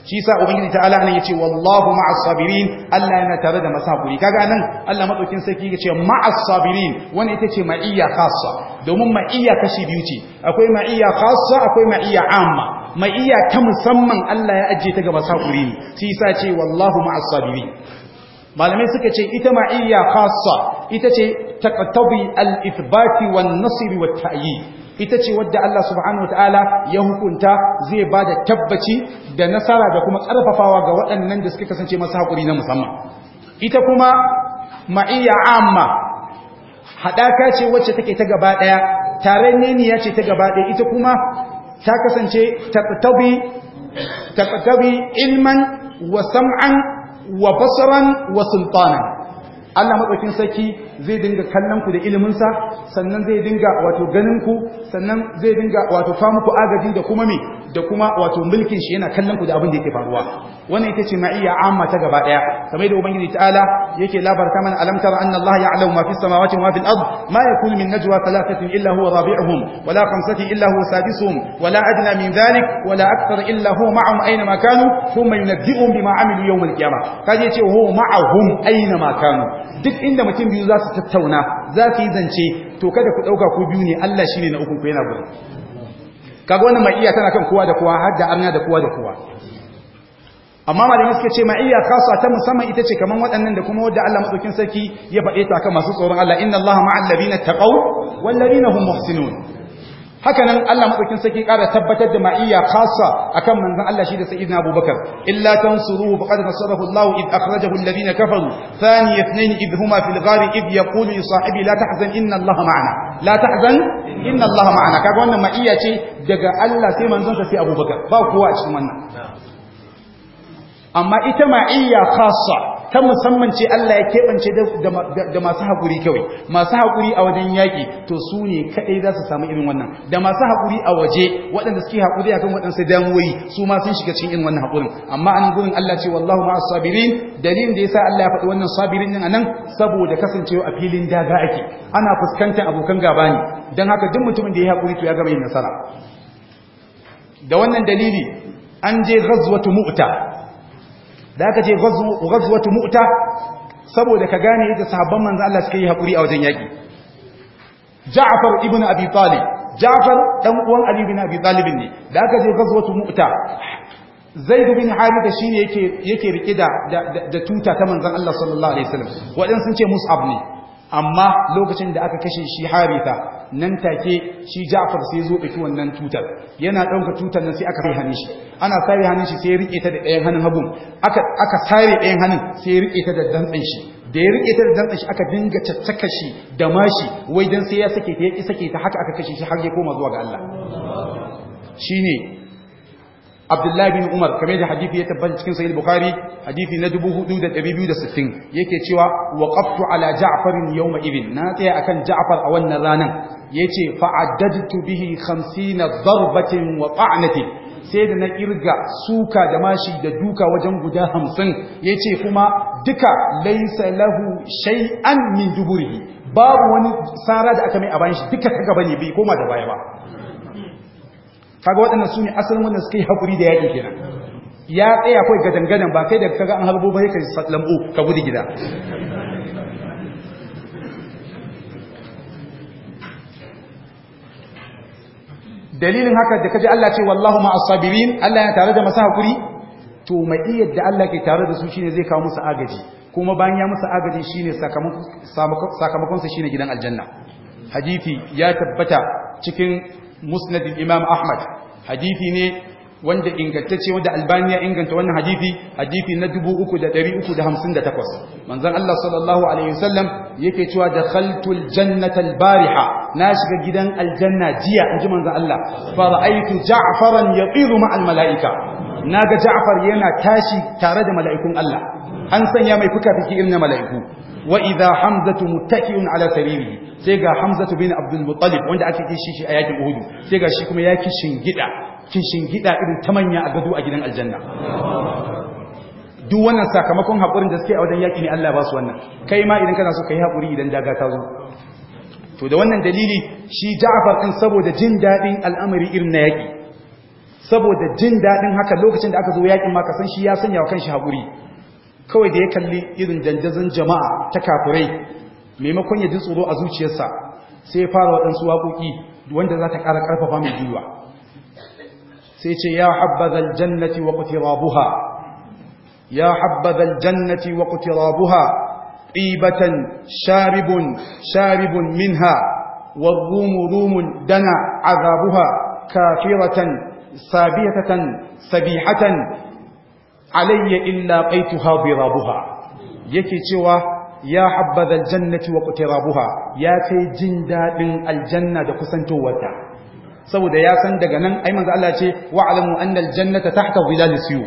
shi sa ubangiji ta'ala ne yace wallahu ma'as sabirin Allah yana tare da masu kaga nan Allah madaukin sarki yace ma'as sabirin wani ita ce ma'iyya kasa. domin ma'iyya kashi biyu ce akwai ma'iyya kasa akwai ma'iyya amma ma'iyya ta musamman Allah ya ajiye ta ga masu ne shi sa ce wallahu ma'as sabirin malamai suka ce ita ma'iyya khassa ita ce taqtabi al-ithbati wan-nasr wat-ta'yid ita ce wadda Allah subhanahu wataala ya hukunta zai ba da tabbaci da nasara da kuma ƙarfafawa ga waɗannan da suka kasance masu haƙuri na musamman ita kuma ma'iyya amma haɗaka ce wacce take ta gaba ɗaya tare ya ce ta gaba ɗaya ita kuma ta kasance taɓtaɓi ilman wa sam'an wa basaran wa sultanan Allah maɗaukin sarki zai dinga kallon ku da iliminsa sannan zai dinga wato ganin ku sannan zai dinga wato famuku muku agaji da kuma me da kuma wato mulkin shi yana kallon ku da abin da yake faruwa wannan ita ce ma'iyya amma ta gaba daya kamar da ubangiji ta'ala yake labarta mana alam tara anna Allah ya'lamu ma fis samawati wa fil ard ma yakunu min najwa thalathatin illa huwa rabi'uhum wa la khamsatin illa huwa sadisuhum wa la adna min dhalik wa la akthar illa huwa ma'ahum aina ma kanu thumma yunabbi'uhum bima amilu yawm al qiyamah kaje ce huwa ma'ahum aina ma kanu duk inda mutum biyu za su tattauna za su yi zance to kada ku dauka ku biyu ne Allah shine na uku ku yana gurin kaga wannan ma'iyya tana kan kowa da kowa har da arna da kowa da kowa amma malamai suka ce ma'iyya khassa ta musamman ita ce kaman waɗannan da kuma wanda Allah madaukin sarki ya faɗe ta kan masu tsoron Allah inna Allah ma'al ladina taqaw wal ladina hum muhsinun haka nan Allah madaukin sarki ƙara tabbatar da ma'iyya khassa akan manzon Allah shi da sayyidina Abubakar illa tansuruhu faqad nasarahu Allah id akhrajahu alladhina kafaru thani ithnain id huma fil ghari id yaqulu li sahibi la tahzan inna Allah ma'ana la tahzan inna Allah ma'ana kaga wannan ma'iyya ce daga Allah sai manzon sa sai Abubakar ba kowa a cikin wannan amma ita ma'iyya khassa ta musamman ce Allah ya keɓance da masu haƙuri kawai masu haƙuri a wajen yaƙi to su ne kaɗai za su samu irin wannan da masu haƙuri a waje waɗanda suke haƙuri a kan waɗansu damuwoyi su ma sun shiga cikin irin wannan haƙurin amma an gurin Allah ce wallahu ma'a sabirin dalilin da ya sa Allah ya faɗi wannan sabirin din anan saboda kasancewa a filin daga ake ana fuskantar abokan gaba ne don haka duk mutumin da ya haƙuri to ya gama yin nasara da wannan dalili an je ghazwatu mu'ta da aka ce ghazwatu mu'ta saboda ka gane yadda sahabban manzo Allah suka yi hakuri a wajen yaki Ja'far ibn Abi Talib Ja'far dan uwan Ali ibn Abi Talib ne da aka je ghazwatu mu'ta Zaid bin Haritha shine yake yake rike da da tuta ta manzon Allah sallallahu alaihi wasallam wadan sun ce Mus'ab ne amma lokacin da aka kashe shi harita, nan take shi ja'far sai zo ɗauki wannan tutar yana ɗauka tutar nan sai aka kai hannun shi ana sare hannun shi sai riƙe ta da ɗayan hannun hagun aka sare ɗayan hannun sai riƙe ta da dantsin shi da ya riƙe ta da dantsin shi aka dinga caccaka shi da mashi wai dan sai ya sake ta ya sake ta haka aka kashe shi har ya koma zuwa ga Allah shine abdullahi bin umar kamar da hadisi ya tabbata cikin sahih bukhari hadisi na 4260 yake cewa waqaftu ala ja'far yawma ibn na tsaya akan ja'far a wannan ranan yace fa addadtu bihi 50 darbatin wa ta'natin sai da na kirga suka da mashi da duka wajen guda 50 yace kuma duka laysa lahu shay'an min duburihi babu wani sara da aka mai a bayan shi duka ta gaba ne bai koma da baya ba kaga waɗannan su ne asalin wanda suka yi haƙuri da yaƙi kenan ya tsaya kawai gadangadan ba kai da kaga an harbo bai kai lambu ka gudu gida dalilin haka da kaji Allah ce wallahu ma as-sabirin Allah ya tare da masu hakuri to mai iya da Allah ke tare da su shine zai kawo musu agaji kuma bayan ya musu agaji shine sakamakon sakamakon su shine gidan aljanna hadisi ya tabbata cikin musnadin imam ahmad hadithi ne wanda ingantacce wanda albaniya inganta wannan hadithi hadithi na 3358 manzon Allah sallallahu alaihi wasallam yake cewa dakhaltul jannatal bariha na shiga gidan aljanna jiya inji manzon Allah fa ra'aytu ja'faran yaqiru ma'al mala'ika naga ja'far yana tashi tare da mala'ikun Allah an sanya mai fuka-fuki irin na mala'iku wa idha hamzatu muttaki'un ala saririhi sai ga hamzatu bin abdul muttalib wanda aka kishi shi a yakin uhud sai ga shi kuma ya kishin gida irin ta manya a gado a gidan aljanna duk wannan sakamakon haƙurin da suke a wajen yaƙi ne Allah ba su wannan kai ma idan kana so ka yi haƙuri idan daga ta zo to da wannan dalili shi Ja'far din saboda jin daɗin al'amari irin na yaƙi saboda jin daɗin haka lokacin da aka zo yaƙin ma ka san shi ya sanya wa kanshi haƙuri kawai da ya kalli irin dandazon jama'a ta kafirai maimakon ya ji tsoro a zuciyarsa sai ya fara waɗansu waƙoƙi wanda za ta ƙara ƙarfafa mai gwiwa sai ce ya habbazal jannati wa qutirabuha ya habbazal jannati wa qutirabuha qibatan sharibun sharibun minha والروم روم دنا عذابها كافرة sabihatan سبيحة alayya illa qaituha bi rabuha yake cewa ya habbadha aljannati wa qutirabuha ya kai jin dadin aljanna da kusantowarta saboda ya san daga nan ai manzo Allah ce wa alamu anna aljannata tahta zilal siyu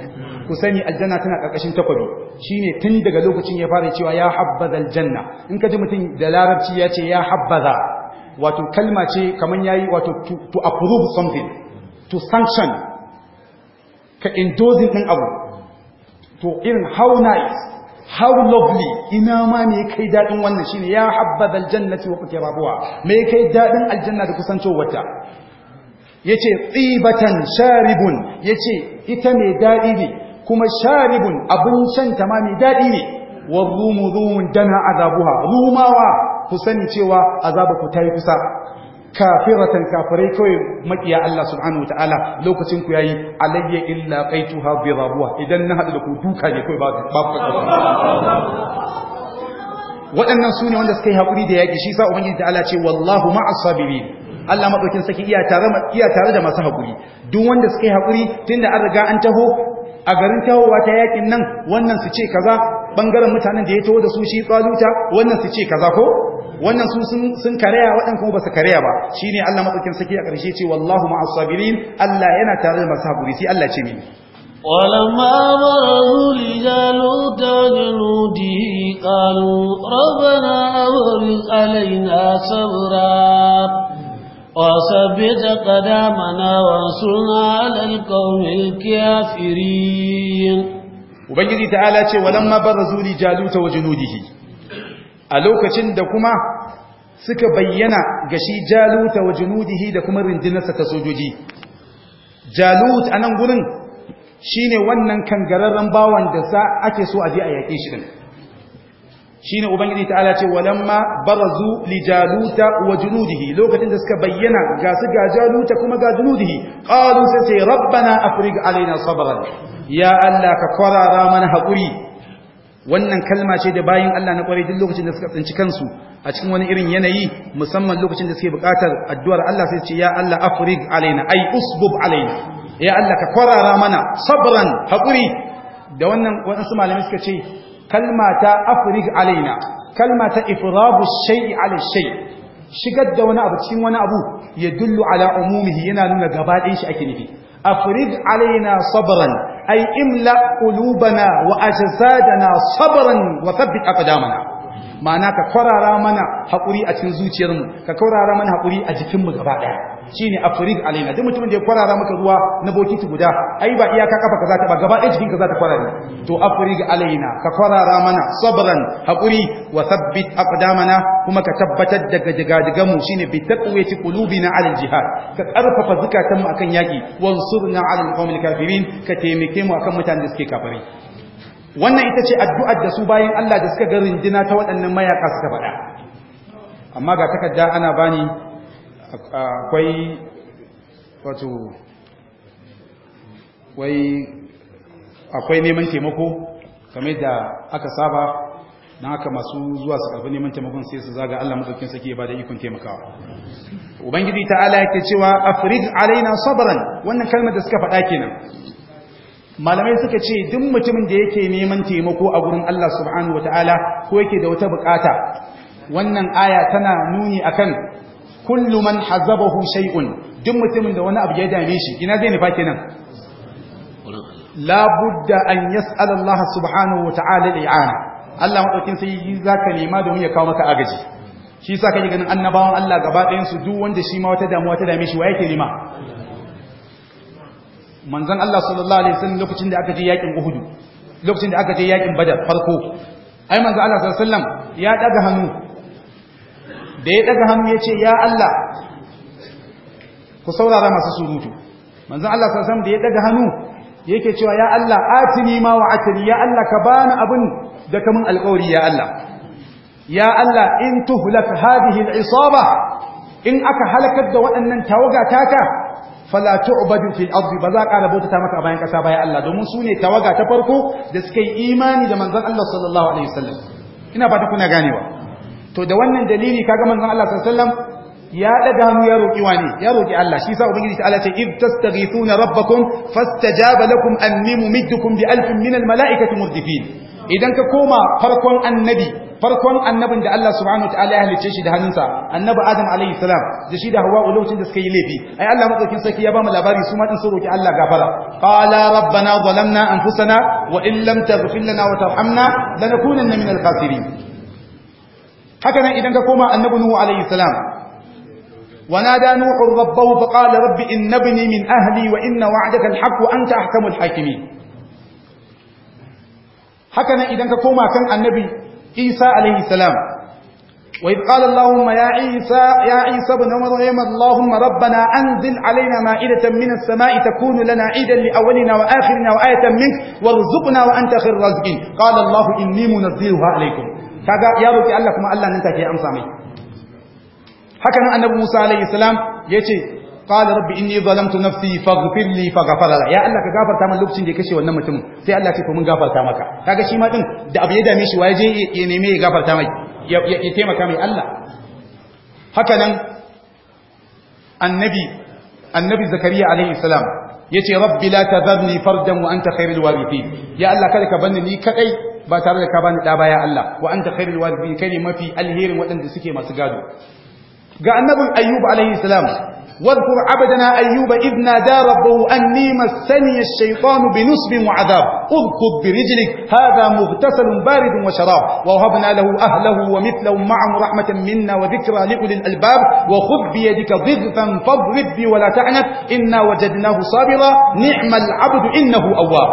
ku sani aljanna tana karkashin takwabi shine tun daga lokacin ya fara cewa ya habbadha aljanna in ka ji mutum da larabci ya ce ya habbadha wato kalma ce kaman yayi wato to approve something to sanction ka endorsing din abu to irin how nice how lovely ina ma me kai dadin wannan shine ya habbaba aljannati wa qutirabuha me kai dadin aljanna da kusancewarta yace tsibatan sharibun yace ita mai dadi ne kuma sharibun abin shan ta ma mai dadi ne wa rumudun dana azabuha rumawa ku sani cewa azabu ku tayi kusa kafiratan kafirai kawai makiya Allah subhanahu wataala lokacin ku yayi alayya illa qaituha bi rabuwa idan na hada da ku duka ne kawai ba ba waɗannan su ne wanda suka yi haƙuri da yaƙi shi sa ubangiji ta'ala ce wallahu ma sabirin Allah madaukin saki iya tare iya tare da masu hakuri. duk wanda suka yi haƙuri tunda an riga an taho a garin tahowa ta yaƙin nan wannan su ce kaza bangaren mutanen da ya taho da su shi tsaluta wannan su ce kaza ko wannan su sun karaya waɗanda ba su karaya ba shine Allah madaukakin saki a ƙarshe ce wallahu a sabirin Allah yana tare da masu haƙuri, sai Allah ce mini ولما مرضوا لجالوت وجنوده قالوا ربنا أبرق علينا صبرا وثبت قدامنا وانصرنا على القوم ce walamma تعالى ولما برزوا لجالوت وجنوده a lokacin da kuma suka bayyana ga shi jaluta wa junudihi da kuma rindinarsa ta sojoji jalut a nan gurin shi ne wannan kangararren bawan da sa ake so a je a yaƙe shi ɗin shi ubangiji ta'ala ce walamma barazu li jaluta wa junudihi lokacin da suka bayyana ga su ga jaluta kuma ga junudihi qalu sai rabbana afrig alaina sabran ya allah ka kwarara mana hakuri. wannan kalma ce da bayin Allah na kwarai duk lokacin da suka tsinci kansu a cikin wani irin yanayi musamman lokacin da suke buƙatar addu'ar Allah sai ce ya Allah afrig alaina ai usbub alaina ya Allah ka kwarara mana sabran haƙuri da wannan waɗansu malamai suka ce kalma ta afrig alaina kalma ta ifrabu shay'i ala shigar da wani abu cikin wani abu ya dullu ala umumihi yana nuna gaba ɗayan shi ake nufi أفرد علينا صبرا أي املأ قلوبنا وأجسادنا صبرا وثبت أقدامنا mana ka kwarara mana haƙuri a cikin zuciyarmu ka kwarara mana haƙuri a jikinmu gaba ɗaya shine afrid alaina duk mutumin da ya kwarara maka ruwa na bokiti guda ai ba iyaka kafa ka za ta ba gaba ɗaya jikinka za ta kwarare to afrid alaina ka kwarara mana sabran hakuri wa thabbit aqdamana kuma ka tabbatar da gajigajigan mu shine bi taqwiyati qulubina ala jihad ka karfafa zakatan mu akan yaki wansurna ala alqawmil kafirin ka taimake mu akan mutanen da suke kafirai wannan ita ce addu'ar da su bayan Allah da suka ga rinjina ta waɗannan mayaka suka faɗa amma ga takarda ana bani akwai wato wai akwai neman taimako kamar da aka saba don aka masu zuwa su karfi neman taimakon sai su zaga Allah madaukin sake ba da ikon taimakawa ubangiji ta'ala yake cewa afrid alaina sabran wannan kalmar da suka faɗa kenan malamai suka ce duk mutumin da yake neman taimako a gurin Allah subhanahu wataala ko yake da wata bukata wannan aya tana nuni akan kullu man hazabahu shay'un duk mutumin da wani abu ya dame shi ina zai nufa kenan la budda an yas'al Allah subhanahu wa ta'ala al'ana Allah madaukin sai zaka nema domin ya kawo maka agaji shi yasa kake ganin annabawan Allah gaba ɗayan su duk wanda shi ma wata damuwa ta dame shi wa yake nema manzon Allah sallallahu alaihi wasallam lokacin da aka je yakin Uhud lokacin da aka je yakin Badar farko ai manzon Allah sallallahu alaihi wasallam ya daga hannu da ya daga hannu ya ce ya Allah ku saurara masu surutu manzon Allah sallallahu da ya daga hannu yake cewa ya Allah atini ma wa'atani ya Allah ka bani abin da kamun alƙawari ya Allah ya Allah in tuhlak hadhihi al'isaba in aka halakar da waɗannan tawaga taka fala tu'badu fil ba za ka ƙara bauta maka a bayan ƙasa bayan Allah domin su ne tawaga ta farko da suka yi imani da manzon Allah sallallahu alaihi wasallam ina fata kuna ganewa to da wannan dalili kaga manzon Allah sallallahu alaihi wasallam ya daga hannu ya roki wani ya roki Allah shi sa ubangiji Allah ce id tastaghithuna rabbakum fastajaba lakum anni mumiddukum bi alfin min al malaikati murdifin idan ka koma farkon annabi farkon annabin da Allah subhanahu wataala ya halicce shi da hannunsa annabi Adam Alayhi salam da shi da Hawwa lokacin da suka yi laifi ai Allah madaukin sarki ya ba mu labari su ma din su roki Allah gafara qala rabbana zalamna anfusana wa in lam taghfir lana wa tarhamna lanakunanna minal khasirin haka nan idan ka koma annabi alayhi salam wanada nuhu rabbahu fa qala rabbi innabni min ahli wa inna wa'daka alhaq wa anta ahkamul hakimin haka nan idan ka koma kan annabi isa alayhi salam wa id qala allahumma ya isa ya isa ibn maryam allahumma rabbana anzil alayna ma'idatan minas sama'i takunu lana idan li awwalina wa akhirina wa ayatan mink warzuqna wa anta khairur raziqin qala allah inni munazziluha alaykum kaga ya roki Allah kuma Allah nan take ya amsa mai haka nan annabi Musa alaihi salam yace qala rabbi inni zalamtu nafsi faghfir li faghfara ya Allah ka gafarta min lokacin da ya kashe wannan mutumin sai Allah ya ce ko mun gafarta maka kaga shi ma din da abu ya dame shi waye je ya neme ya gafarta mai ya taimaka mai Allah haka nan annabi annabi zakariya alaihi salam yace rabbi la tadharni fardan wa anta khairul warithin ya Allah kada ka banni ni kadai ba tare da ka bani da baya Allah wa anta khairul warithin kai ne mafi alherin waɗanda suke masu gado ga annabin ayyub alaihi salam واذكر عبدنا أيوب إذ نادى ربه أني مسني الشيطان بنصب وعذاب اذكر برجلك هذا مغتسل بارد وشراب ووهبنا له أهله ومثلهم معهم رحمة منا وذكرى لأولي الألباب وخذ بيدك ضغطا فاضرب بي ولا تعنف إنا وجدناه صابرا نعم العبد إنه أواب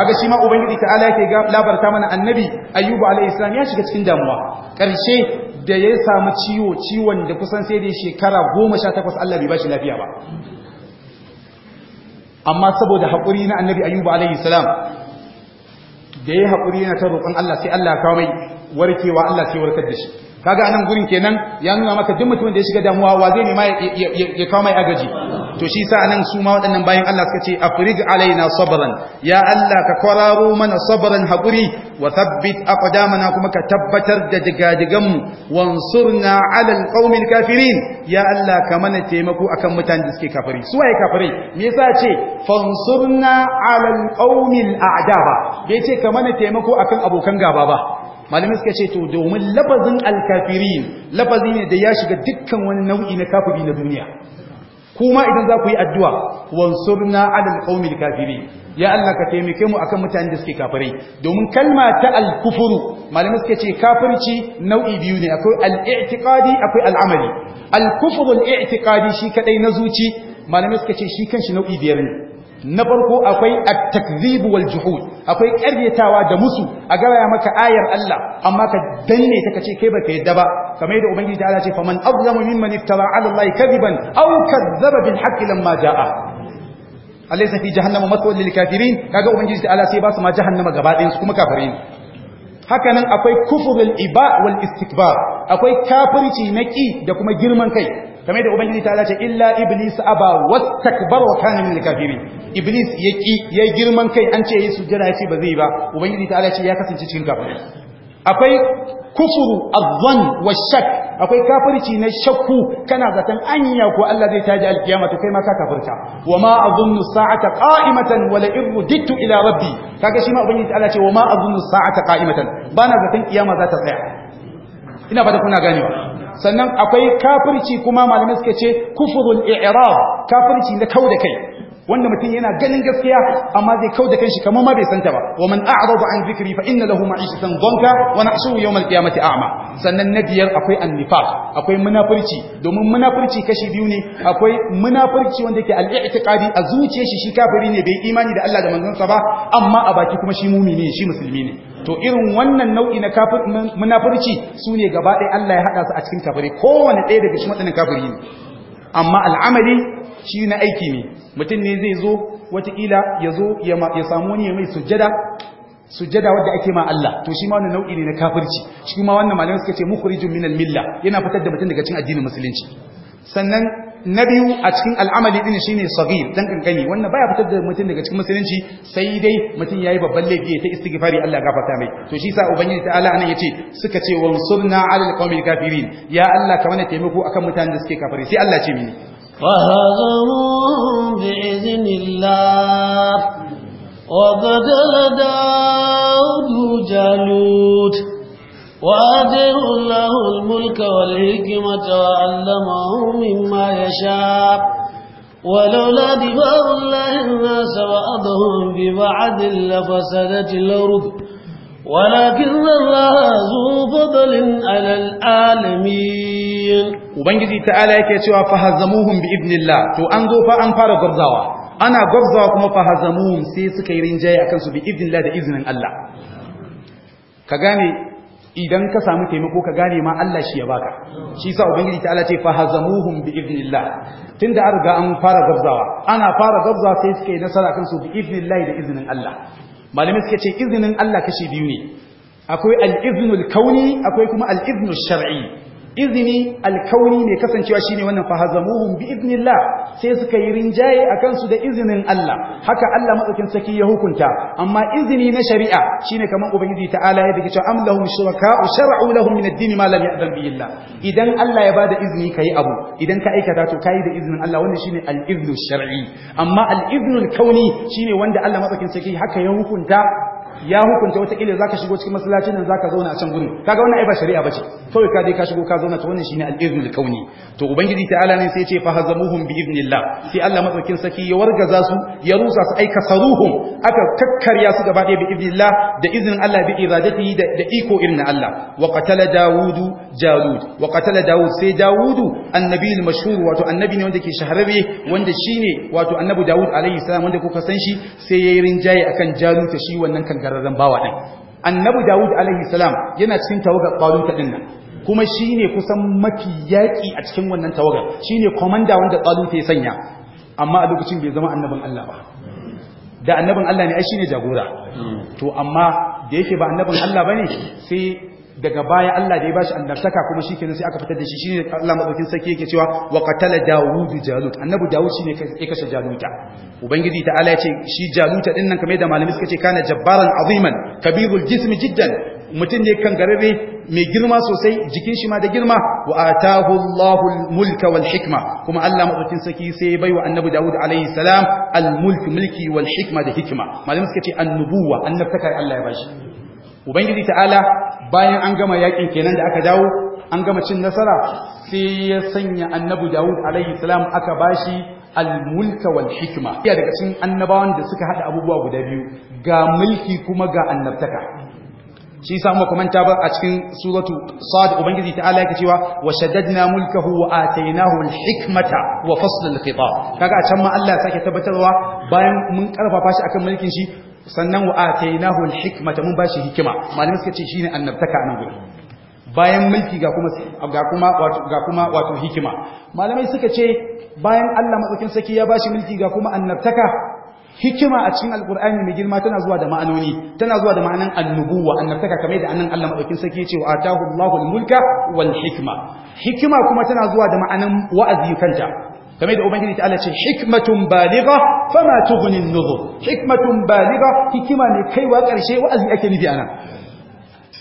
هذا شيء ما أبنجد تعالى لا برتامنا النبي أيوب عليه السلام يا شكت في الدموة كرشي da ya samu ciwo ciwon da kusan sai da shekara goma sha takwas Allah bai bashi lafiya ba amma saboda haƙuri na annabi ayyuba alayhi salam da ya yi haƙuri yana ta roƙon Allah sai Allah ya kawo mai warkewa Allah sai warkar da shi kaga anan gurin kenan ya nuna maka duk mutumin da ya shiga damuwa wa zai nema ya kawo mai agaji to shi sa anan su ma waɗannan bayan Allah suka ce afrij alaina sabran ya Allah ka kwararo mana sabran haƙuri wa thabbit aqdamana kuma ka tabbatar da digadigan mu wansurna ala alqaumil kafirin ya Allah ka mana taimako akan mutanen da suke kafiri su waye kafirai me yasa ce fansurna ala alqaumil a'daba bai ce ka mana taimako akan abokan gaba ba malamai suka ce to domin lafazin alkafirin lafazi ne da ya shiga dukkan wani nau'i na kafiri na duniya kuma idan za ku yi addu'a wansurna alal qaumil kafirin ya Allah ka taimake mu akan mutane da suke kafirai domin kalma ta al-kufuru malamai suka ce kafirci nau'i biyu ne akwai al akwai al-amali al-kufru al shi kaɗai na zuci malamai suka ce shi kanshi nau'i biyar ne na farko akwai at-takdhib wal juhud akwai karyatawa da musu a gaya maka ayar Allah amma ka danne ta kace kai baka yadda ba kamar yadda ubangiji ta Allah ce faman azlamu mimman iftara ala Allah kadiban aw kadzaba bil haqqi lamma jaa alaysa fi jahannama mathwal lil kafirin kaga ubangiji ta Allah sai ba su ma jahannama gaba ɗayan su kuma kafare ne haka nan akwai kufrul iba wal istikbar akwai kafirci na ki da kuma girman kai kamar da ubangiji ta ce illa iblis aba wastakbara wa kana min kafirin iblis yaki ya girman kai an ce yi sujjada ya ba zai ba ubangiji ta ce ya kasance cikin kafirin akwai kufuru azzan wa shak akwai kafirci na shakku kana zaton anya ko Allah zai taji alkiyama to kai ma ka kafirta wa ma azunnu sa'ata qa'imatan wa la irjitu ila rabbi kaga shi ma ubangiji Allah ce wa ma azunnu sa'ata qa'imatan bana zaton kiyama za ta tsaya ina ba da kuna ganewa sannan akwai kafirci kuma malamai suka ce kufurul i'rab kafirci na da kai wanda mutum yana ganin gaskiya amma zai kauda kanshi kamar ma bai santa ba wa man a'rada an zikri fa inna lahu ma'ishatan dhanka wa nahshuhu yawm al-qiyamati a'ma sannan na biyar akwai annifaq akwai munafurci domin munafurci kashi biyu ne akwai munafurci wanda yake al-i'tiqadi a zuciyar shi shi kafiri ne bai imani da Allah da manzonsa ba amma a baki kuma shi mumini ne shi musulmi ne to irin wannan nau'i na kafir munafurci sune gaba ɗaya Allah ya hada su a cikin kafiri kowanne ɗaya daga cikin waɗannan kafiri ne amma al'amali shi na aiki ne mutum ne zai zo watakila ya zo ya samu wani ya mai sujada sujada wadda ake ma Allah to shi ma wani nau'i ne na kafirci shi ma wannan malamai suka ce mukhrijun minal milla yana fitar da mutum daga cikin addinin musulunci sannan na biyu a cikin al'amali din shine sagir dan kankani wannan baya fitar da mutum daga cikin musulunci sai dai mutum yayi babban laifi ta istighfari Allah gafarta mai to shi sa ubangiji ta'ala anan yace suka ce wansurna alal qawmil kafirin ya Allah ka mana taimako akan mutanen da suke kafiri sai Allah ce mini فهزموهم بإذن الله وقتل داود جالوت وآتر له الملك والحكمة وعلمه مما يشاء ولولا دفاع الله الناس وأضهم ببعد لفسدت الأرض walakin Allah zu fadlin alal alamin ubangiji ta'ala yake cewa fahazamuhum bi idnillah to an zo fa an fara gwabzawa ana gwabzawa kuma fahazamuhum sai suka yi rinjaye akan su da Allah ka gane idan ka samu taimako ka gane ma Allah shi ya baka shi sa ubangiji ta Allah ce fa hazamuhum bi idnillah tunda an riga an fara gabzawa ana fara gabzawa sai suka yi nasara kansu bi idnillah da iznin Allah malamai suka ce izinin Allah kashi biyu ne akwai al-iznul kauni akwai kuma al-iznul shar'i izini alkauni ne kasancewa shine wannan fahazamuhum bi iznillah sai suka yi rinjaye akan su da izinin Allah haka Allah matsakin saki ya hukunta amma izini na shari'a shine kamar ubangiji ta'ala ya dace am lahum shuraka'u shar'u lahum min ad ma lam ya'zan bi illah idan Allah ya bada izini kai abu idan ka aikata to kai da izinin Allah wannan shine al-idnu shar'i amma al al-kauni shine wanda Allah matsakin saki haka ya hukunta ya hukunta wata kila zaka shigo cikin masallacin nan zaka zauna a can gurin kaga wannan ai ba shari'a bace kawai ka dai ka shigo ka zauna to wannan shine al-iznul kauni to ubangiji ta'ala ne sai ya ce fa hazamuhum bi idnillah sai Allah madaukin saki ya wargaza su ya rusa su aika saruhum aka kakkarya su gaba ɗaya bi idnillah da iznin Allah bi iradatihi da iko irin Allah wa qatala dawudu jalud wa qatala dawud sai dawudu annabiyul mashhur wato annabi ne wanda ke shahararre wanda shine wato annabi dawud alaihi salam wanda kuka san shi sai yayin rinjaye akan jalut shi wannan kangararren bawa ɗin annabi dawud alaihi salam yana cikin tawagar ƙwarin din nan kuma shi ne kusan mafi yaƙi a cikin wannan tawagar ne kwamanda wanda ta ya sanya amma a lokacin bai zama annabin Allah ba da annabin Allah ne ai shi ne jagora hmm. to amma da yake ba annabin Allah bane sai daga baya Allah da ya bashi annabtaka kuma shikenan sai aka fitar da shi shine Allah madaukin sarki yake cewa wa qatala dawud jalut annabi dawud shine ya kashe jaluta ubangiji ta'ala ya ce shi jaluta din nan kamar da malami suka ce kana jabbaran aziman kabirul jismi jiddan mutum ne kan garare mai girma sosai jikin shi ma da girma wa atahu Allahu mulka wal hikma kuma Allah madaukin sarki sai ya baiwa annabi Dawud alayhi salam al mulk mulki wal hikma da hikma malamin suka ce annubuwa annabtaka Allah ya bashi ubangiji ta'ala bayan an gama yakin kenan da aka dawo an gama cin nasara sai ya sanya annabi Dawud alaihi salam aka bashi al-mulka wal hikma ya daga cikin annabawan da suka hada abubuwa guda biyu ga mulki kuma ga annabtaka shi yasa muka manta ba a cikin suratu sad ubangiji ta'ala yake cewa wa shaddadna mulkahu wa atainahu alhikmata wa fasl alkhitab kaga a can ma Allah ya sake tabbatarwa bayan mun karfafa shi akan mulkin shi sannan wa atainahu alhikmata mun shi hikima malamai suka ce shine annabtaka nan gurin bayan mulki ga kuma ga kuma wato ga kuma wato hikima malamai suka ce bayan Allah madaukin saki ya bashi mulki ga kuma annabtaka hikima a cikin alqur'ani mai girma tana zuwa da ma'anoni tana zuwa da ma'anan annubuwa annabtaka kamar da annan Allah madaukin saki ya ce wa atahu Allahu almulka wal hikma hikima kuma tana zuwa da ma'anan wa'azi kanta kamar da ubangiji ta ce hikmatun bariga fama tughni an-nuzur hikmatun baligha hikima ne kaiwa karshe wa'azi ake nufi anan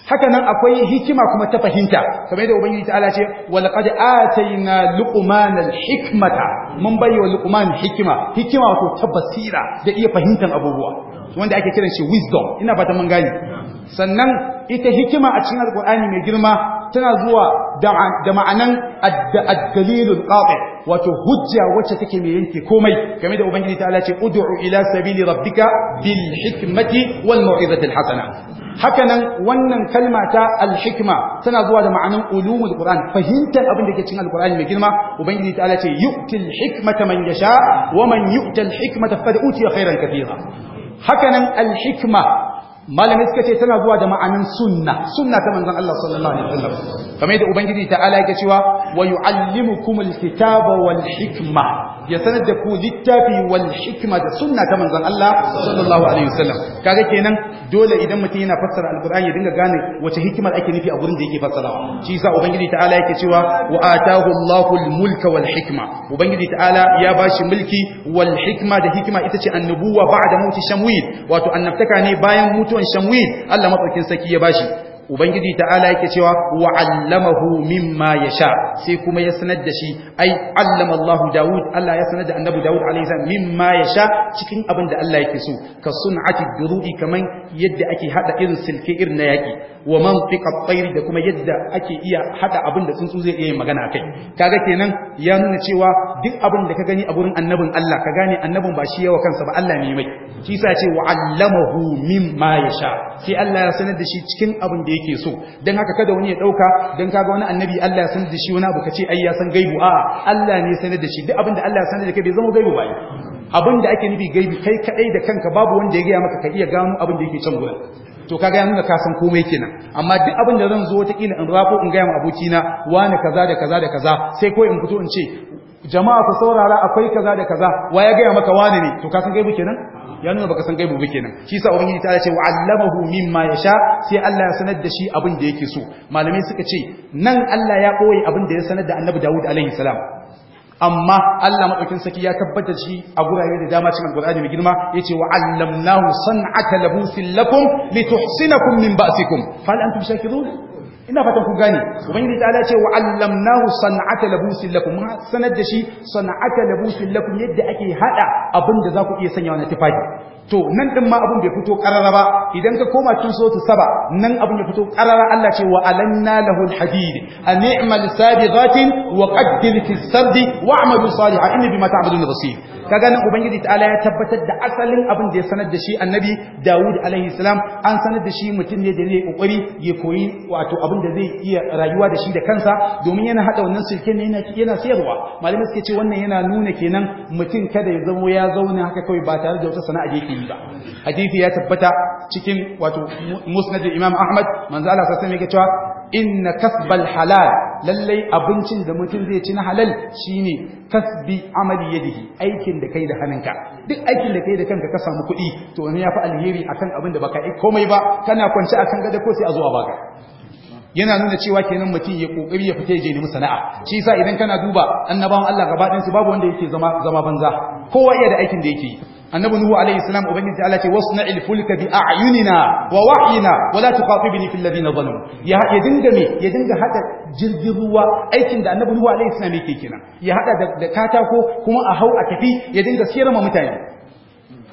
Hakanan akwai hikima kuma ta fahimta kamar da ubangiji ta ce walaqad atayna luqmana al-hikmata mun bayyana luqman hikima hikima wato ta basira da iya fahimtar abubuwa wanda ake kiran shi wisdom ina fata mun sannan ita hikima a cikin alqur'ani mai girma tana zuwa da ma'anan ad-dalilul qati wato hujja wacce take mai yanke komai game da ubangiji ta Allah ce ud'u ila sabili rabbika bil hikmati wal mau'izati al hasana hakanan wannan kalma ta al-hikma tana zuwa da ma'anan ulumul qur'an fahimtar abin da ke cikin alqur'ani mai girma ubangiji ta Allah ce yu'til hikmata man yasha wa man yu'tal hikmata fad utiya khairan katira hakanan alhikma malamai suka ce tana zuwa da ma'anin sunna sunna ta manzon Allah sallallahu alaihi wasallam kamar yadda ubangiji ta'ala yake cewa wa yu'allimukumul kitaba wal hikma ya sanar da ku littafi wal hikma da sunna ta manzon Allah sallallahu alaihi wasallam kaga kenan dole idan mutum yana fassara alqur'ani ya dinga gane wace hikimar ake nufi a gurin da yake fassara shi yasa ubangiji ta'ala yake cewa wa atahu Allahu al-mulka wal hikma ubangiji ta'ala ya bashi mulki wal hikma da hikima ita ce annubuwa ba'da mauti shamwil wato annabtaka ne bayan mutuwa yawan shan Allah madaukin saki ya bashi ubangiji ta'ala yake cewa wa 'allamahu mimma yasha sai kuma ya sanar da shi ai 'allama Allahu Dawud Allah ya sanar da Annabi Dawud alayhi salam mimma yasha cikin abin da Allah yake so ka sun'ati durudi kaman yadda ake hada irin silke irin na yaki wa mantiq tayr da kuma yadda ake iya hada abin da tsuntsu zai iya magana kai kaga kenan ya nuna cewa duk abin da ka gani a gurin annabin Allah ka gane annabin ba shi yawa kansa ba Allah ne mai shi yasa ce wa allamahu mimma yasha sai Allah ya sanar da shi cikin abin da yake so dan haka kada wani ya dauka dan kaga wani annabi Allah ya sanar da shi wani abu kace ai ya san gaibu a Allah ne ya sanar da shi duk abin da Allah ya sanar da kai bai zama gaibu ba abin da ake nufi gaibi kai kadai da kanka babu wanda ya gaya maka ka iya gano abin da yake can gurin to kaga ya nuna ka komai kenan amma duk abin da zan zo wata kila in rafo in gaya ma abokina wani kaza da kaza da kaza sai ko in fito in ce jama'a ku saurara akwai kaza da kaza wa ya gaya maka wani ne to ka san gaibu kenan ya nuna baka san gaibu ba kenan shi sa ubangiji ta ce wa allamahu mimma yasha sai Allah ya sanar da shi abin da yake so malamai suka ce nan Allah ya koyi abin da ya sanar da Annabi Dawud alaihi salam amma Allah madaukin saki ya tabbata shi a gurare da dama cikin Qur'ani mai girma yace wa allamnahu san'ata labusin lakum lituhsinakum min ba'sikum fal antum shakirun ina fatan ku gane ubangiji ta'ala ce wa allamnahu san'ata labusin lakum sanar da shi san'ata labusin lakum yadda ake hada abinda za ku iya sanyawa na tufafi to nan din ma abun bai fito karara ba idan ka koma cikin suratul saba nan abun ya fito karara Allah ce wa alanna lahu alhadid an i'mal sabiqatin wa qaddil fi sard wa'malu salihan inni bima ta'malun basir kaga nan ubangiji ta'ala ya tabbatar da asalin abun da ya sanar da shi annabi Dawud alaihi salam an sanar da shi mutum ne da zai kokari ya koyi wato abun da zai iya rayuwa da shi da kansa domin yana hada wannan silken ne yana yana sayarwa malamai suke ce wannan yana nuna kenan mutum kada ya zama ya zauna haka kawai ba tare da wata sana'a da yake yi ba hadisi ya tabbata cikin wato musnad imam ahmad manzo Allah sai alaihi cewa inna kasbal halal lallai abincin da mutum zai ci na halal shine kasbi amali yadihi aikin da kai da hannunka duk aikin da kai da kanka ka samu kuɗi to ya yafi alheri akan abin da baka yi komai ba kana kwance akan gada ko sai a zuwa baka yana nuna cewa kenan mutum ya kokari ya fita je nemi sana'a shi yasa idan kana duba annabawan Allah gaba ɗansu babu wanda yake zama zama banza kowa iya da aikin da yake yi annabi nuhu alaihi salam ubangiji Allah ce wasna'il fulka bi a'yunina wa wahyina wa la tuqatibni fil ladina zalamu ya ya dinga me ya dinga hada jirgin ruwa aikin da annabi nuhu alaihi salam yake kenan ya hada da katako kuma a hau a tafi ya dinga siyar ma mutane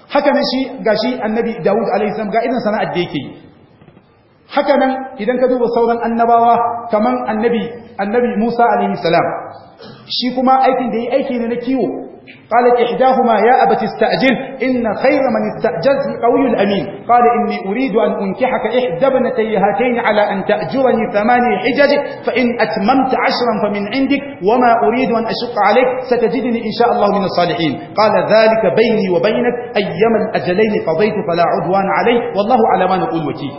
haka nan shi gashi annabi Dawud alaihi salam ga irin sana'ar da yake yi haka nan idan ka duba sauran annabawa kaman annabi annabi Musa alaihi salam shi kuma aikin da yi aiki ne na kiwo قالت إحداهما يا أبت استأجل إن خير من استأجلت قوي الأمين قال إني أريد أن أنكحك إحدى ابنتي هاتين على أن تأجرني ثماني حجج فإن أتممت عشرا فمن عندك وما أريد أن أشق عليك ستجدني إن شاء الله من الصالحين قال ذلك بيني وبينك أيما الأجلين قضيت فلا عدوان علي والله على ما نقول وكيل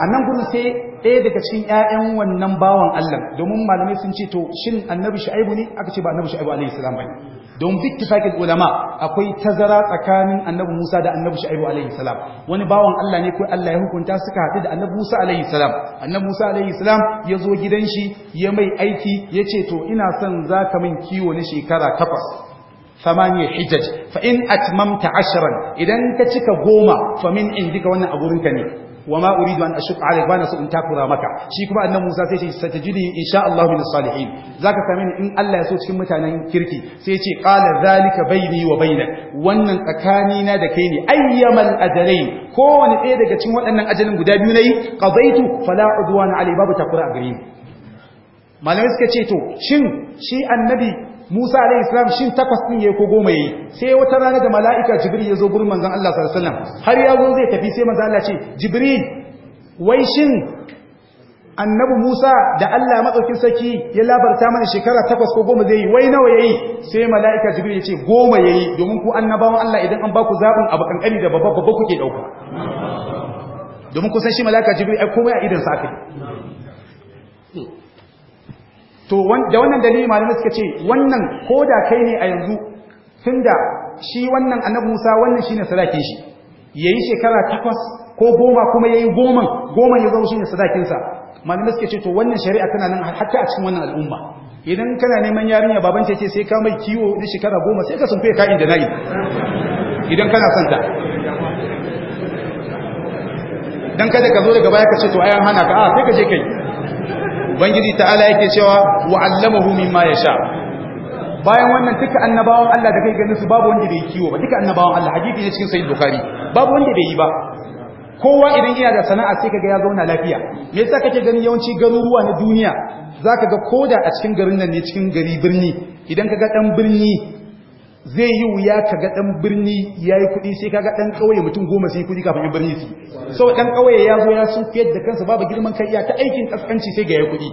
annan gurin sai ɗaya daga cikin ƴaƴan wannan bawan Allah domin malamai sun ce to shin annabi shu'aibu ne aka ce ba annabi shu'aibu alaihi salam bane don bittifakin ulama akwai tazara tsakanin annabi Musa da annabi Shu'aibu alayhi salam wani bawan Allah ne ko Allah ya hukunta suka haɗu da annabi Musa alayhi salam annabi Musa alayhi salam ya zo gidan shi ya mai aiki ya ce to ina son zaka min kiwo na shekara takwas ثمانية حجج فإن أتممت ka goma, أنت تشك قوما فمن wannan وأنا أقول ne. wa ma uridu an ashqa alayk bana so in takura maka shi kuma annabi Musa sai ce satajidi insha Allah min salihin zaka same ni in Allah ya so cikin mutanen kirki sai ce qala zalika bayni wa bainak wannan tsakani na da kai ne a ajalain kowane ɗaya daga cikin waɗannan ajalin guda biyu nayi qadaitu fala udwana alayhi babu takura a gare malamai suka ce to shin shi annabi Musa alayhi salam shin takwas din yayi ko goma yayi sai wata rana da mala'ika Jibril ya zo gurin manzon Allah sallallahu har ya zo zai tafi sai manzon ce Jibril wai shin annabi Musa da Allah matsaukin saki ya labarta mana shekara takwas ko goma zai yi wai nawa yayi sai mala'ika Jibril ya ce goma yayi domin ku annabawan Allah idan an ba ku zabin abu kankani da babba babba kuke dauka domin kusan shi mala'ika Jibril ai komai a idan sa kai to da wannan dalili malamai suka ce wannan ko da kai ne a yanzu tun da shi wannan annabi Musa wannan shi ne sadakin shi ya yi shekara takwas ko goma kuma ya yi goma goma ya zama ne sadakinsa, sa malamai suka ce to wannan shari'a tana nan hatta a cikin wannan al'umma idan kana neman yarinya baban ce sai ka mai kiwo na shekara goma sai ka sunfe ka inda nayi idan kana son ta dan kada ka zo daga baya ka ce to ayan hana ka a sai ka je kai ubangiji ta'ala yake cewa wa allamahu mimma yasha bayan wannan duka annabawan Allah da kai ganinsu, su babu wanda bai kiwo ba duka annabawan Allah hadisi ne cikin sahih bukhari babu wanda bai yi ba kowa idan yana da sana'a sai kaga ya zauna lafiya me yasa kake ganin yawanci garuruwa na duniya zaka ga koda a cikin garin nan ne cikin gari birni idan kaga dan birni zai yi wuya ka ga ɗan birni ya yi kuɗi sai kaga ga ɗan ƙauye mutum goma sai kuɗi kafin yin birni su sau ɗan ƙauye ya zo ya sun fiye da kansa babu girman kai ta aikin ƙasƙanci sai ga ya kuɗi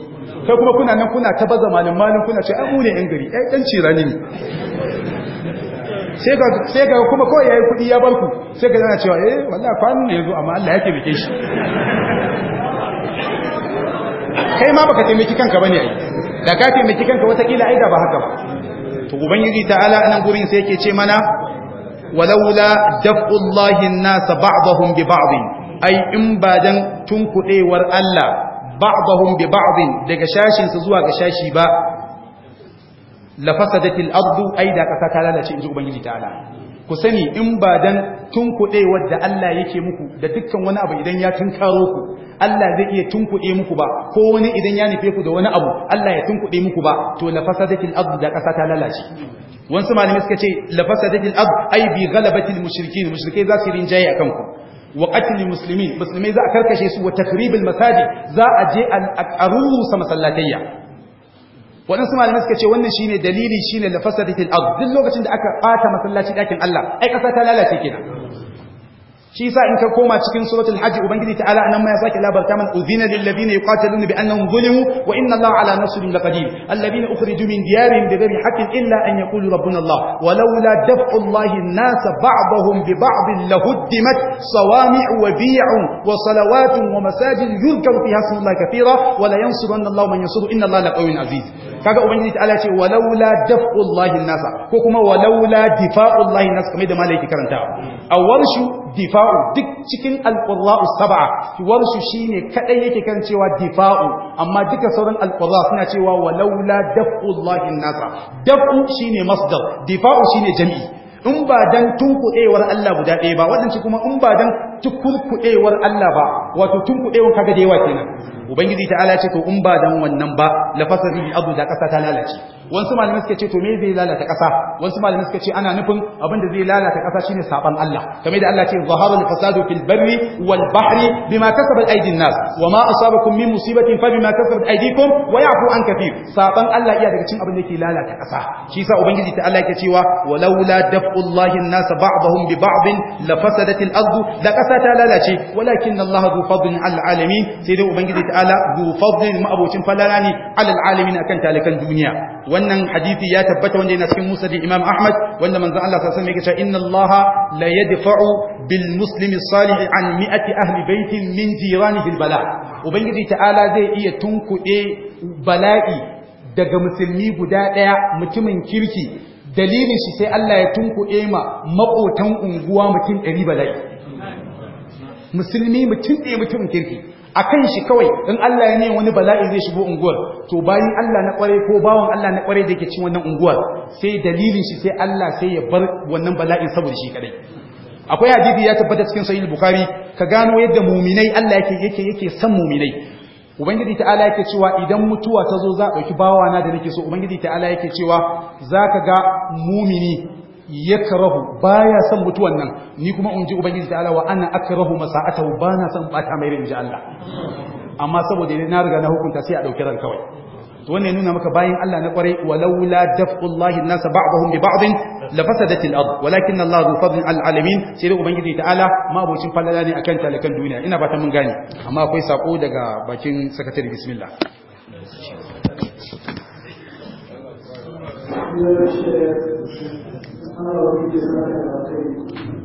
kai kuma kuna nan kuna ta baza malin malin kuna ce an mune yan gari ai ɗan cirani ne sai ga kuma ko ya yi kuɗi ya bar ku sai ga yana cewa eh wallah kwanan ne ya amma Allah ya taimake shi kai ma baka taimaki kanka bane ai da ka taimaki kanka wata kila ai da ba haka ba to ubangiji ta'ala anan gurin sai yake ce mana walaula daf'ullahi an-nas ba'dahum bi ba'd ai in ba dan tunkudewar Allah ba'dahum bi ba'd daga shashin su zuwa ga shashi ba lafasadatil ardu ai da kasa ta lalace in ji ubangiji ta'ala ku sani in ba dan tunkuɗe wadda Allah yake muku da dukkan wani abu idan ya tunkaro ku Allah zai iya tunkuɗe muku ba ko wani idan ya nufe ku da wani abu Allah ya tunkuɗe muku ba to la fasadatil ard da ƙasa ta lalace wasu malamai suka ce la fasadatil ard ai bi ghalabatil mushrikin mushrikai za su rinjaye akan ku wa qatl muslimin musulmai za a karkashe su wa takribil masajid za a je a rusa masallatayya waɗansu malamai suka ce wannan shine dalili shine la fasadatil ard duk lokacin da aka ɓata masallaci dakin Allah ai kasa ta lalace kenan shi yasa in ka koma cikin suratul hajj ubangiji ta'ala anan ma ya sake labarta man udhina lil ladina yuqataluna bi annahum zulimu wa inna allaha ala nasrihim laqadir alladina ukhriju min diyarihim bighairi haqqin illa an yaqulu rabbuna allah walaula daf'u allahi an-nas ba'dahum bi ba'd lahuddimat sawami'u wa bi'un wa salawatun wa masajid yuzkaru fiha ismu allahi katira wa la yansuranna allahu man yansuru inna allaha laqawiyyun aziz kaga ubangiji ta'ala ce walaula daf'u allahi an-nas ko kuma walaula difa'u allahi an-nas kamar da malaki karanta awwarshu difa'u duk cikin alqurra'u sab'a warshi shine kadai yake kan cewa difa'u amma duka sauran alqurra suna cewa walaula dafullahi nasa dafu shine masdar difa'u shine jami'i in ba dan tunkuɗewar Allah guda ɗaya ba waɗanci kuma in ba dan tukurkuɗewar Allah ba wato tunkuɗewar kaga da yawa kenan ubangiji ta'ala ala ce to in ba dan wannan ba lafasari abu da ƙasa ta lalace wasu malamai suka ce to me zai lalata ƙasa wasu malamai suka ce ana nufin abin da zai lalata ƙasa shine saban Allah kamar da Allah ce zaharul fasadu fil barri wal bahri bima kasabat aydin nas wama asabakum min musibatin fa bima kasabat aydikum wa ya'fu an kathir saban Allah iya daga cikin abin da yake lalata ƙasa shi yasa ubangiji ta Allah yake cewa walaula daf'ullahi an-nas ba'dahum bi ba'd la fasadatil ard da ƙasa ta lalace walakin Allah zu fadlin al alamin sai dai ubangiji ta Allah zu fadlin ma abocin falala ne al alamin akan talakan duniya wannan hadisi ya tabbata wanda yana cikin da Imam Ahmad wanda manzon Allah sallallahu alaihi wasallam yake cewa inna Allah la yadfa'u bil muslimi salih an mi'ati ahli baitin min jiranihi al bala ubangiji ta'ala zai iya tunkuɗe bala'i daga musulmi guda ɗaya mutumin kirki dalilin shi sai Allah ya tunkuɗe ma maƙotan unguwa mutum ɗari bala'i musulmi mutum ɗaya mutumin kirki a kan shi kawai in Allah ya ne wani bala'i zai shigo unguwar to bayan Allah na kware ko bawan Allah na kware da yake cin wannan unguwar sai dalilin shi sai Allah sai ya bar wannan bala'in saboda shi kadai akwai hadisi ya tabbata cikin sahih bukhari ka gano yadda muminai Allah yake yake yake san muminai ubangiji ta'ala yake cewa idan mutuwa ta zo za a ki bawana da nake so ubangiji ta'ala yake cewa zaka ga mumini yakrahu baya son mutuwan nan ni kuma in ji ubangiji ta'ala wa ana akrahu masa'atahu bana son bata mai rinji Allah amma saboda ne na riga na hukunta sai a dauki ran kawai to wannan nuna maka bayin Allah na kwarai walaula daf'ullahi an-nas ba'dahum bi ba'd la ard walakin Allah zu fadlin al-alamin sai ubangiji ta'ala ma abocin falala ne akan talakan duniya ina fata mun gane amma akwai sako daga bakin sakatare bismillah Thank you. Allah ya yi da sanar da